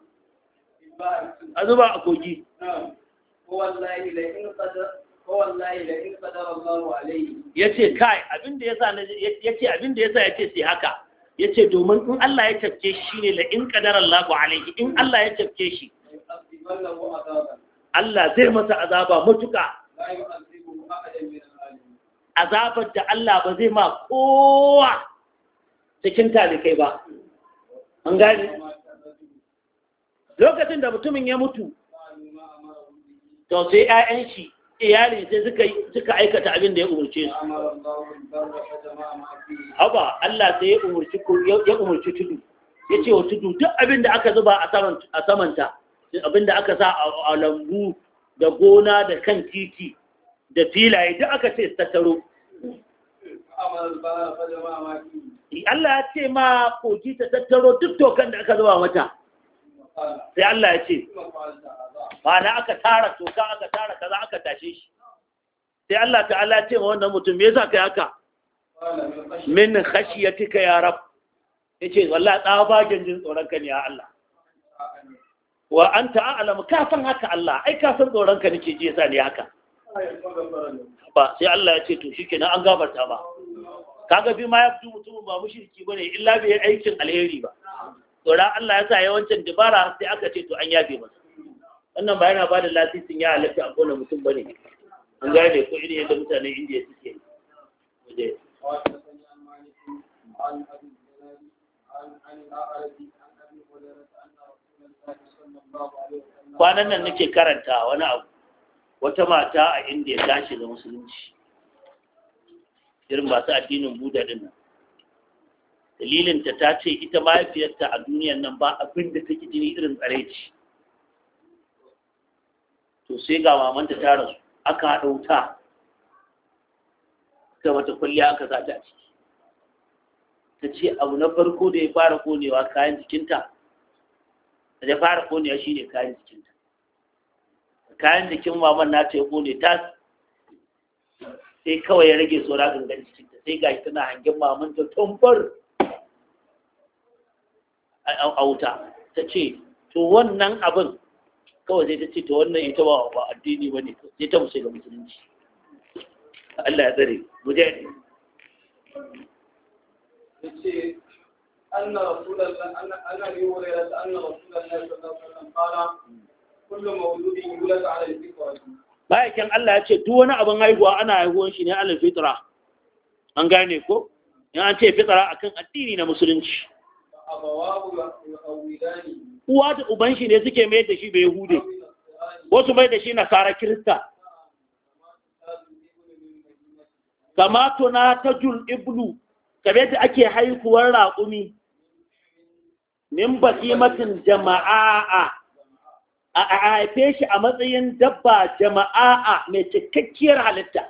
a zuba a kogi ya ce kai abinda ya sa ya ce abinda ya sa ya ce sai haka ya ce domin in Allah ya cafke shi ne la in kadar Allah alaihi in Allah ya cafke shi Allah zai masa azaba matuƙa, azabar da Allah ba zai ma kowa cikin talikai ba an gani lokacin da mutumin ya mutu to sai 'ya'yan shi iyali sai suka aikata abin da ya umarci su haba Allah sai ya umarci tudu ya ce wa tudu duk abin da aka zuba a samanta abinda aka sa a lambu da gona da kan titi da filaye duk aka ce tattaro Allah ya ce ma kogi ta tattaro duk tokan da aka zuba mata sai Allah ya ce na aka tara toka aka tara kaza aka tashe shi sai Allah ta'ala ya ce ma wannan mutum me yasa kai haka min khashiyatika ya rab yace wallahi tsabagen jin tsoron ka ne ya Allah wa an ta'alamu ka san haka Allah ai ka san tsoron ka nake ji yasa ne haka ba sai Allah ya ce to shikenan an gafarta ba kaga bi ma yabdu mutum ba ba bane illa bai aikin alheri ba tsoron Allah ya sa yawancin dabara sai aka ce to an yafe masa wannan ba yana ba da lasisin ya halatta a kona mutum bane an gane ko irin yadda mutanen indiya suke waje Thank you. kwanan nan nake karanta wani abu wata mata a indiya ta shiga musulunci irin masu addinin buda din nan dalilinta ta ce ita mahaifiyarta a duniyan nan ba abin da take jini irin tsareci to sai ga mamanta ta rasu aka haɗa wuta ta mata kwalliya aka zata ciki ta ce abu na farko da ya fara konewa kayan jikinta da ya fara kone shi ne kayan jikinta kayan jikin maman na ta ya kone ta sai kawai ya rage tsora gangan jikinta sai gashi tana hangen maman ta tumbar a wuta ta ce to wannan abin kawai sai ta ce to wannan ita ba ba addini ba ne sai ta musu ga musulunci Allah ya tsare mu ne أن رسول الله قال كل مولود يولد على الفطرة Allah ya ce duk wani abin haihuwa ana haihuwan shi ne alal fitra an gane ko in an ce fitra akan addini na musulunci uwa da uban shi ne suke mai da shi bai hude wasu mai da shi tsara kirista kama tuna ta jul iblu kamar da ake haikuwar raƙumi min basimatin jama'a a haife shi a matsayin dabba jama'a mai cikakkiyar halitta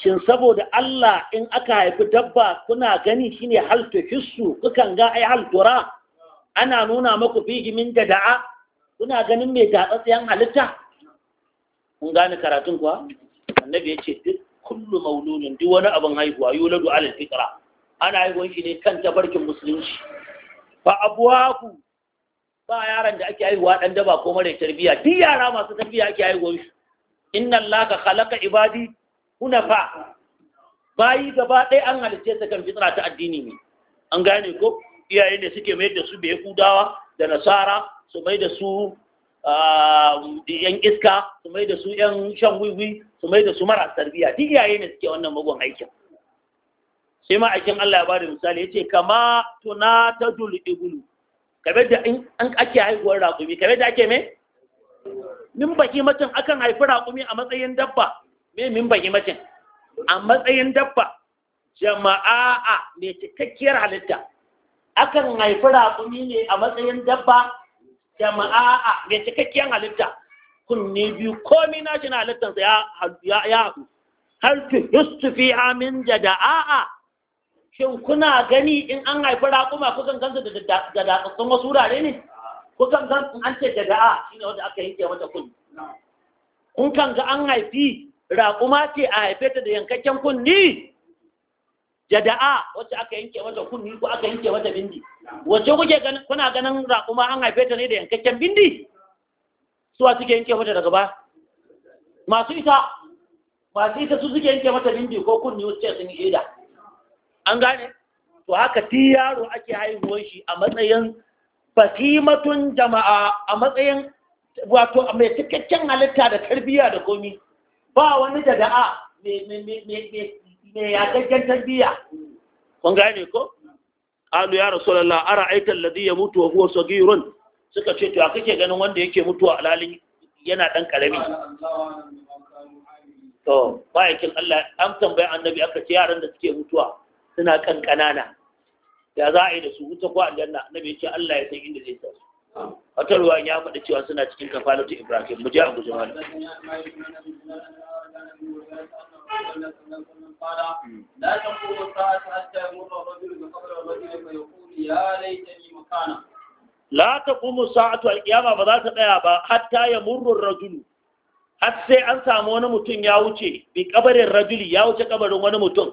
shin saboda Allah in aka haifi dabba kuna gani shine hal tuhissu kukan ga ai haltura ana nuna maku fihi min jada'a kuna ganin mai datsatsiyan halitta kun gane karatun kuwa annabi ya ce duk kullu mauludin duk wani abin haihuwa yuladu alal fitra ana yi shi ne kan tabarkin musulunci fa abuwaku ba yaran da ake haihuwa dan daba ko mara tarbiyya duk yara masu tarbiyya ake haihuwar shi inna allaha khalaqa ibadi hunafa bayi gaba ɗaya an halitta ta kan fitra ta addini ne an gane ko iyaye ne suke mai da su be kudawa da nasara su mai da su yan iska su mai da su yan shan wiwi su mai da su mara tarbiyya duk iyaye ne suke wannan mugun aikin sai ma Allah ya bada misali yace kama tunatadul ibulu kamar da in an ake haihuwar raƙumi kamar da ake me min baki macin akan haifi raƙumi a matsayin dabba me min baki macin a matsayin dabba jama'a a mai cikakkiyar halitta akan haifi raƙumi ne a matsayin dabba jama'a a mai cikakkiyar halitta kunne biyu komi na shi na halittarsa ya haɗu har tu yustufi amin jada'a shin kuna gani in an haifi raƙuma kukan gansa da datsatsun wasu wurare ne kukan gan in an ce gada'a shine wanda aka yanke mata kunni Kun kan ga an haifi raƙuma ce a haife ta da yankakken kunni jada'a wacce aka yanke mata kunni ko aka yanke mata bindi wacce kuke kuna ganin raƙuma an haife ta ne da yankakken bindi Su suwa suke yanke mata daga ba masu ita masu ita su suke yanke mata bindi ko kunni wacce sun yi da? an gane to haka ti yaro ake haihuwar shi a matsayin fatimatun jama'a a matsayin wato mai cikakken halitta da tarbiyya da komi ba wani da da'a mai yagaggen tarbiyya kun gane ko alu ya rasu lalla ara aitar ladi ya mutu huwa sagirun suka ce to kake ganin wanda yake mutuwa alhalin yana dan karami to bayakin Allah an tambayi annabi aka ce yaran da suke mutuwa suna kan kanana da za a yi da su wuta ko aljanna na bai ce Allah ya san inda zai ta su wata ruwan ya faɗi cewa suna cikin kafalatu ibrahim mu je a guje mana لا تقوم الساعة حتى يمر الرجل بقبر الرجل فيقول يا ليتني مكانا لا تقوم الساعة har sai an samu wani mutum ya wuce bi kabarin rajuli ya wuce kabarin wani mutum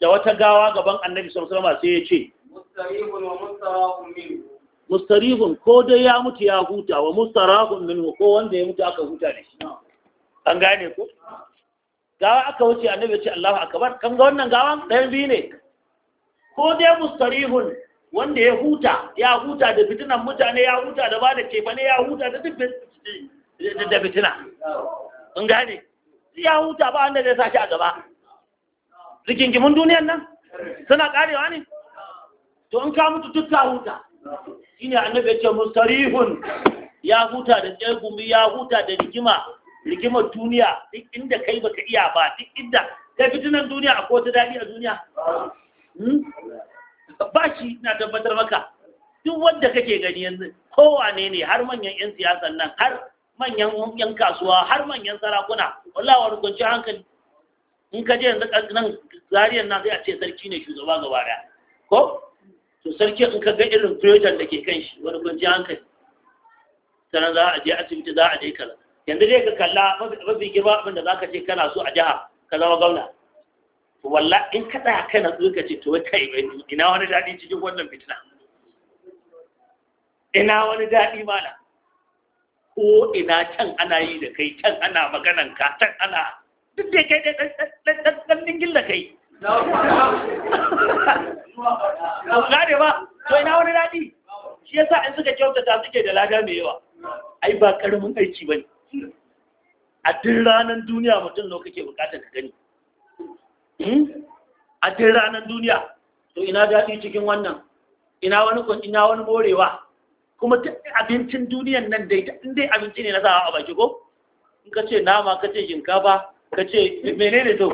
da wata gawa gaban annabi sallallahu alaihi sai ya ce mustarihun ko dai ya mutu ya huta wa mustarahun minhu ko wanda ya mutu aka huta da shi an gane ko gawa aka wuce annabi ya ce Allahu akbar kan ga wannan gawan ɗayan biyu ne ko dai mustarihun wanda ya huta ya huta da fitinan mutane ya huta da ba da kefane ya huta da duk da fitina an gane ya huta ba wanda zai sa shi a gaba rigingimin duniyan nan suna karewa ne to in ka mutu duk ta huta shine annabi ya ce musarihun ya huta da tsegumi ya huta da rigima rigimar duniya duk inda kai baka iya ba duk inda kai fitinan duniya a wata daɗi a duniya hmm? ba shi na tabbatar maka duk wanda kake gani yanzu kowane ne har manyan 'yan siyasan nan har manyan 'yan kasuwa har manyan sarakuna wallahi wani kwanci hankali in ka je yanzu nan zariyar na zai a ce sarki ne shugaba gaba daya ko to sarki in ka ga irin prejudice da ke kan shi wani kwanci hankali sannan za a je asibiti za a je kaza yanzu dai ka kalla mafi girma abin da za ka ce kana so a jiha ka zama gwamna walla in ka tsaya kai na ka ce to kai bai ina wani daɗi cikin wannan fitina ina wani daɗi mana ko ina can ana yi da kai can ana maganan ka can ana duk da kai ɗan ɗingin da kai gane ba to ina wani daɗi shi yasa in suka kyautata suke da lada mai yawa ai ba ƙaramin aiki ba ne a duk ranar duniya mutum nau kake bukatar ka gani hmm? a duk ranar duniya to ina daɗi cikin wannan ina wani ina wani morewa kuma abincin duniyan nan dai in dai abinci ne na sawa a baki ko in ka ce nama ka ce shinkafa ka ce menene to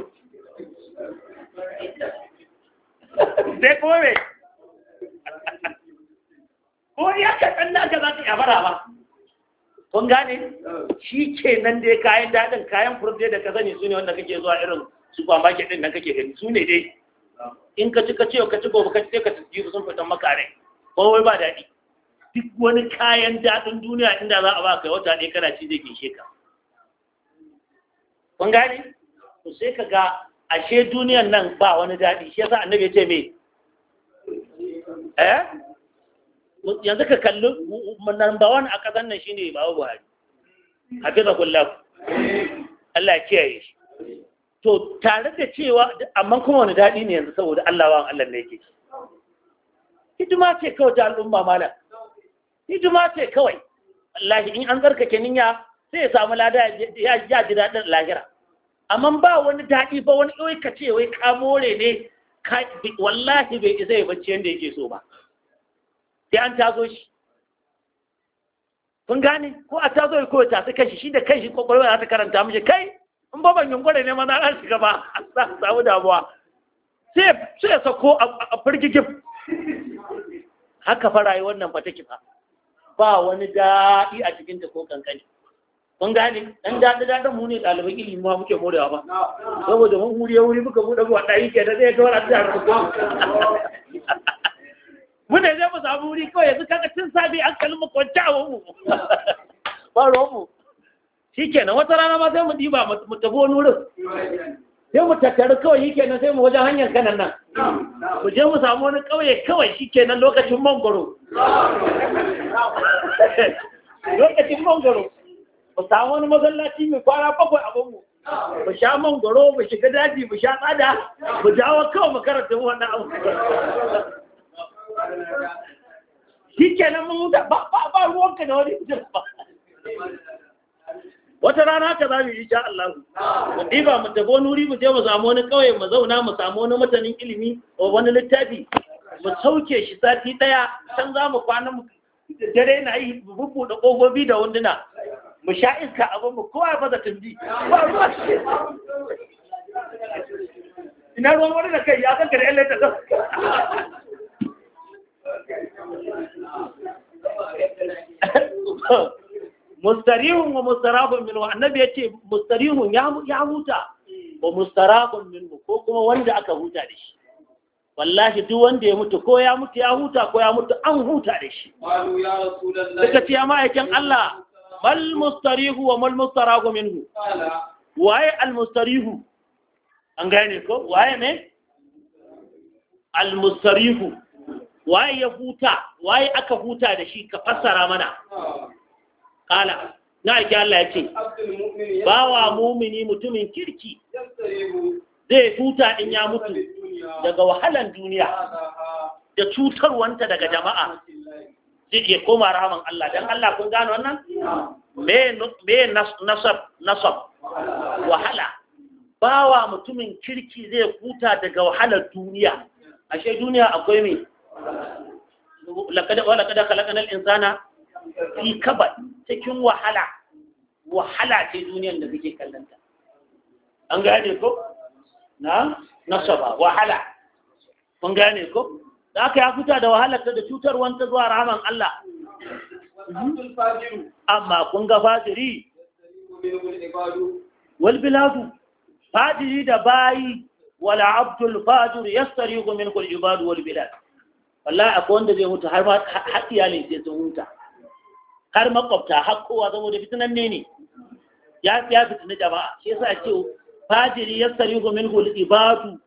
Zai kuma me ko ya ka da ka za ka yabara ba kun gane shi ke nan dai kayan daɗin kayan furde da ka sani su ne wanda kake zuwa irin supermarket ɗin nan kake gani su ne dai in ka ci ka ce ka ci gobe ka ci sai ka ci sun fitan maka rai ko wai ba daɗi duk wani kayan daɗin duniya inda za a ba kai wata ɗaya kana ci zai ginshe ka kun gani to sai ka ga ashe duniyan nan ba wani daɗi shi yasa annabi ya ce me eh yanzu ka kalli number one a ƙasar nan shine babu buhari hafiza kullahu Allah ya kiyaye shi to tare da cewa amma kuma wani daɗi ne yanzu saboda Allah wa Allah ne yake hidima ce kawai ta al'umma mala hidima ce kawai wallahi in an tsarkake niyya sai ya samu lada ya ji daɗin lahira amma ba wani daɗi ba wani ɗoyi ka ce wai ka more ne wallahi bai isa ya bacci yadda yake so ba sai an tazo shi kun gane ko a tazo ko ta su kashi shi da kashi kwakwalwa za ta karanta mishi kai in ba ban yunkure ne maza ran shiga ba za a samu damuwa sai ya sako a firgigin haka fa rayuwar nan ba take fa ba wani daɗi a cikin ta ko kankani kun gane dan daɗi daɗin mu ne ɗaliban ilimi ma muke morewa ba saboda mun wuri wuri muka buɗe ruwa ɗari ke da zai kawar a jihar ko mu ne zai mu samu wuri kawai yanzu kaga tun sabi an kalli mu kwanci a mu ba ruwan mu shi wata rana ma sai mu ɗiba mu tafi wani wurin sai mu tattaru kawai shi kenan sai mu wajen hanyar kanan nan mu je mu samu wani ƙauye kawai shi lokacin mangoro lokacin mangoro mu samu wani masallaci mai kwara bakwai a mu mu sha mangoro mu shiga daji mu sha tsada mu wa kawai makarantar karanta wannan abu shi nan mun huta ba ba ruwanka da wani mutum ba wata rana ka za mu yi sha Allah mu ba mu tafi wani wuri mu je mu samu wani kauye mu zauna mu samu wani mutanen ilimi ko wani littafi mu sauke shi sati daya can za mu kwana mu dare na yi bubbu da kofofi da wunduna mu sha iska abin mu kowa ba da tumbi ba ruwa shi ina ruwan wani da kai ya kanka da yan lantar da mustarihun wa mustarabun min wa annabi yace mustarihun ya huta wa mustarabun min ko kuma wanda aka huta da shi wallahi duk wanda ya mutu ko ya mutu ya huta ko ya mutu an huta da shi suka ce ya ma'aikin Allah mal mustarihu wa mal mustaragu minhu waye al mustarihu an gane ko waye ne al mustarihu waye ya huta waye aka huta da shi ka fassara mana kala na aiki Allah ya ce bawa mumini mutumin kirki zai huta in ya mutu daga wahalan duniya da cutarwanta daga jama'a ya koma rahaman Allah dan Allah kun gano wannan me nasab nasab wahala bawa mutumin kirki zai huta daga wahalar duniya ashe duniya akwai me laqad walaqad khalaqnal insana fi kabad cikin wahala wahala ce duniyar da kake kallanta an gane ko na nasaba wahala kun gane ko da aka ya fita da wahalar da cutar wanta zuwa rahaman Allah amma kun ga fajiri wal biladu fajiri da bayi wal abdul fajir yastariqu min kul ibadu wal bilad wallahi akwai wanda zai huta har har ne sai sun huta har makwabta haƙowa zama saboda fitinan ne ne ya ya fitina jama'a shi yasa ce fajiri yastariqu min kul ibadu.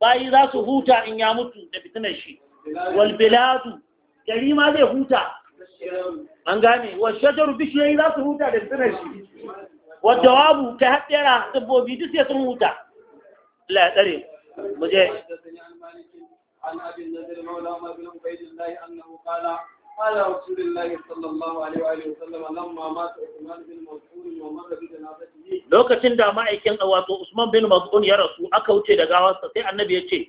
bayi za su huta in ya mutu da fitinar shi walbiladu gari zai huta an gane washajaru bishiyoyi za su huta da tsinar shi wadda wabu kai haɗera dabbobi duk sai sun huta la tsare da ma'aikin wato Usman bin Mas'ud ya rasu aka wuce da gawarsa sai annabi ya ce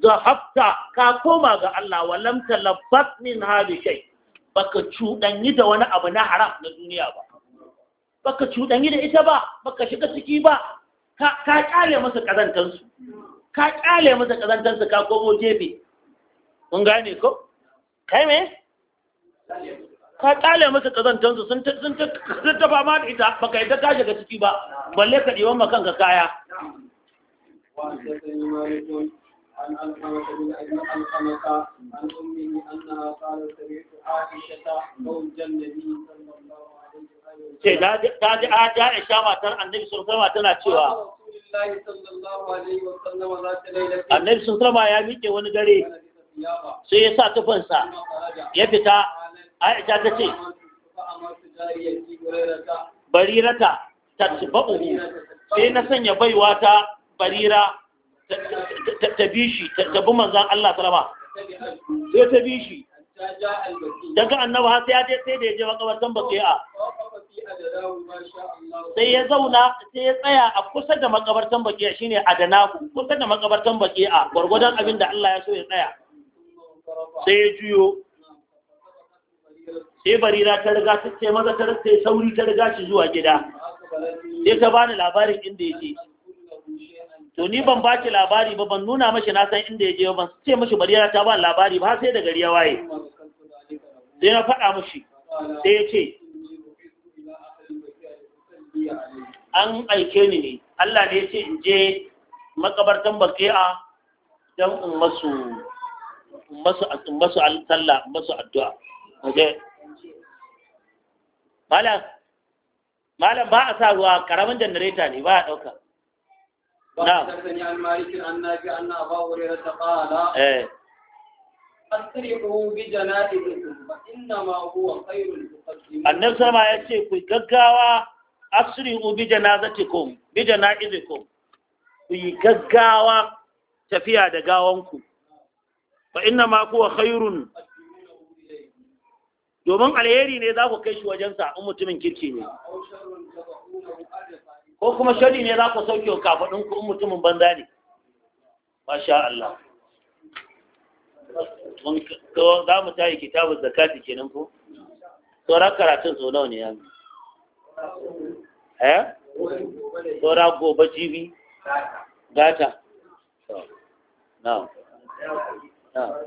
zahabta ka koma ga Allah wa lam talabbat min hadi shay baka cudanyi da wani abu na haram na duniya ba baka cudanyi da ita ba baka shiga ciki ba ka kyale masa kazantar su ka kyale masa kazantar su ka komo jefe kun gane ko kai me ka kyale masa kazantar su sun sun ta ma da ita baka yadda ka shiga ciki ba balle ka diwan makan ka kaya وحدثني مالك عن ألقمة بن ألقمة عن أمه matar Annabi sallallahu tana cewa Annabi sallallahu ya miƙe wani gare sai ya sa tufansa ya fita Aisha ta ce barirata ta ci sai na sanya baiwa ta barira ta bi shi ta bi manzan Allah salama sai ta bi shi daga annaba har sai ya je sai da ya je makabartan baki'a sai ya zauna sai ya tsaya a kusa da makabartan baki'a shine adanaku kusa da makabartan baki'a gwargwadon abin da Allah ya so ya tsaya sai ya juyo sai barira ta riga ta ce maza ta rasa sauri ta riga shi zuwa gida sai ta bani labarin inda yake to ni ban ba labari ba ban nuna mashi na san inda ya je ban ce mashi ya ta ba labari ba sai da gari ya waye sai na faɗa mashi sai ya ce an aike ni ne Allah ne ya ce in je makabartan baki'a don in masu masu masu sallah masu addu'a kaje malam malam ba a sa ruwa karamin janareta ne ba a ɗauka وحدثني عن مالك عن نافع أن أبا هريرة قال أسرعوا بجنائزكم فإنما هو خير المقدمين النبي صلى الله عليه وسلم يقول gaggawa asri'u bi janazatikum bi janaizikum ku yi gaggawa tafiya da gawanku fa inna ma kuwa khairun domin alheri ne za ku kai shi wajensa in mutumin kirki ne ko kuma shari ne za ku sauke wa kafaɗin ku mutumin banza ne masha Allah za mu tayi kitabun zakati kenan ko sauran karatun sau nawa ne ya mi eh gobe jibi gata na na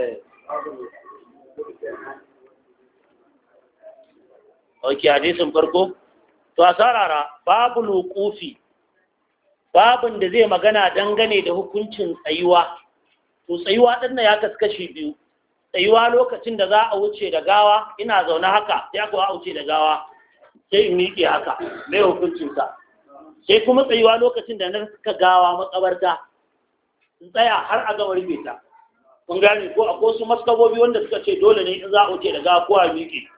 eh ok hadisin farko to a sarara babu lukufi babin da zai magana dangane da hukuncin tsayuwa to tsayuwa na ya kaskashi biyu tsayuwa lokacin da za a wuce da gawa ina zaune haka sai aka wuce da gawa sai in miƙe haka mai hukuncinsa sai kuma tsayuwa lokacin da na suka gawa matsabarta in tsaya har a gama rufe ta kun gane ko akwai su maskabobi wanda suka ce dole ne in za a wuce da gawa ko a miƙe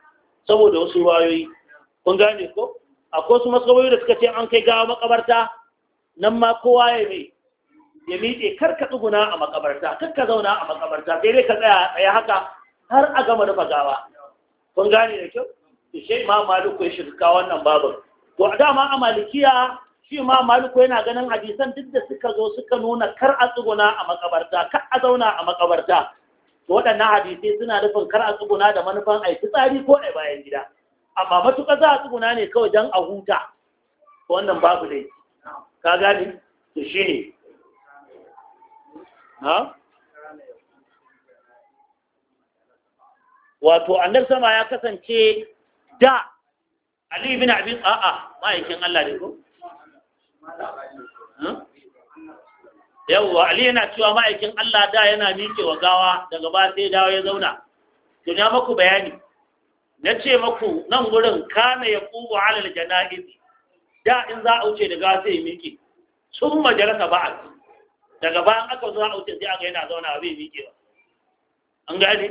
saboda wasu wayoyi, kun gane ko akwai wasu masaroyi da suka ce an kai gawa makabarta nan ma kowa ya mai ya miƙe kar ka tsuguna a makabarta kar ka zauna a makabarta sai dai ka tsaya tsaya haka har a gama rufa gawa kun gane da kyau to shi ma maluku ya shirka wannan babu to a dama a malikiya shi ma maluku yana ganin hadisan duk da suka zo suka nuna kar a tsuguna a makabarta kar a zauna a makabarta to waɗannan hadisai suna nufin kar a tsuguna da manufan a fitsari ko a bayan gida amma matuƙa za a tsuguna ne kawai don a huta wannan babu dai ka gani to shi ne ha wato annar sama ya kasance da ali bin abin a'a ma'aikin Allah ne ko yawwa ali yana cewa ma'aikin Allah da yana miƙe wa gawa daga ba sai dawo ya zauna to na muku bayani na ce maku nan gurin kana ya kubu alal jana'iz da in za a wuce da gawa sai ya miƙe sun majalasa a daga bayan aka zo a wuce sai aka yana zauna bai miƙe ba an gane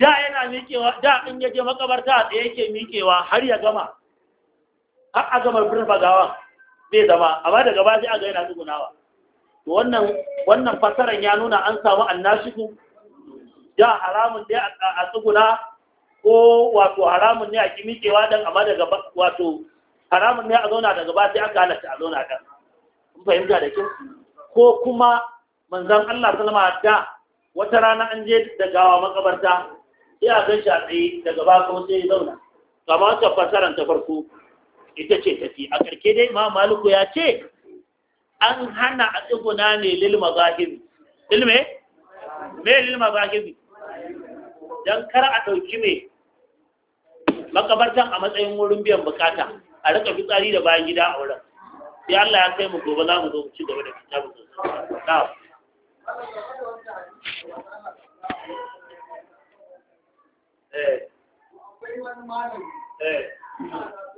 da yana miƙewa da in yaje makabarta da yake miƙewa har ya gama har a gama furfa gawa zai zama amma daga ba sai aka yana tsugunawa to wannan wannan fasaran ya nuna an samu annashiku ja haramun ne a tsuguna ko wato haramun ne a kimikewa dan amma daga wato haramun ne a zauna daga ba sai aka halatta a zauna dan kun fahimta da kin ko kuma manzon Allah sallama da wata rana an je daga wa makabarta sai a gan shi daga ba ko sai ya zauna Kamar ta fasaran ta farko ita ce tafi a karke dai ma maluku ya ce an hana a tsibuna ne lilma zahiri ilme me lilma zahiri Don kar a ɗauki me makabartan a matsayin wurin biyan bukata a rika fitsari da bayan gida a wurin sai Allah ya kai mu gobe za mu zo mu ci gaba da fita mu eh eh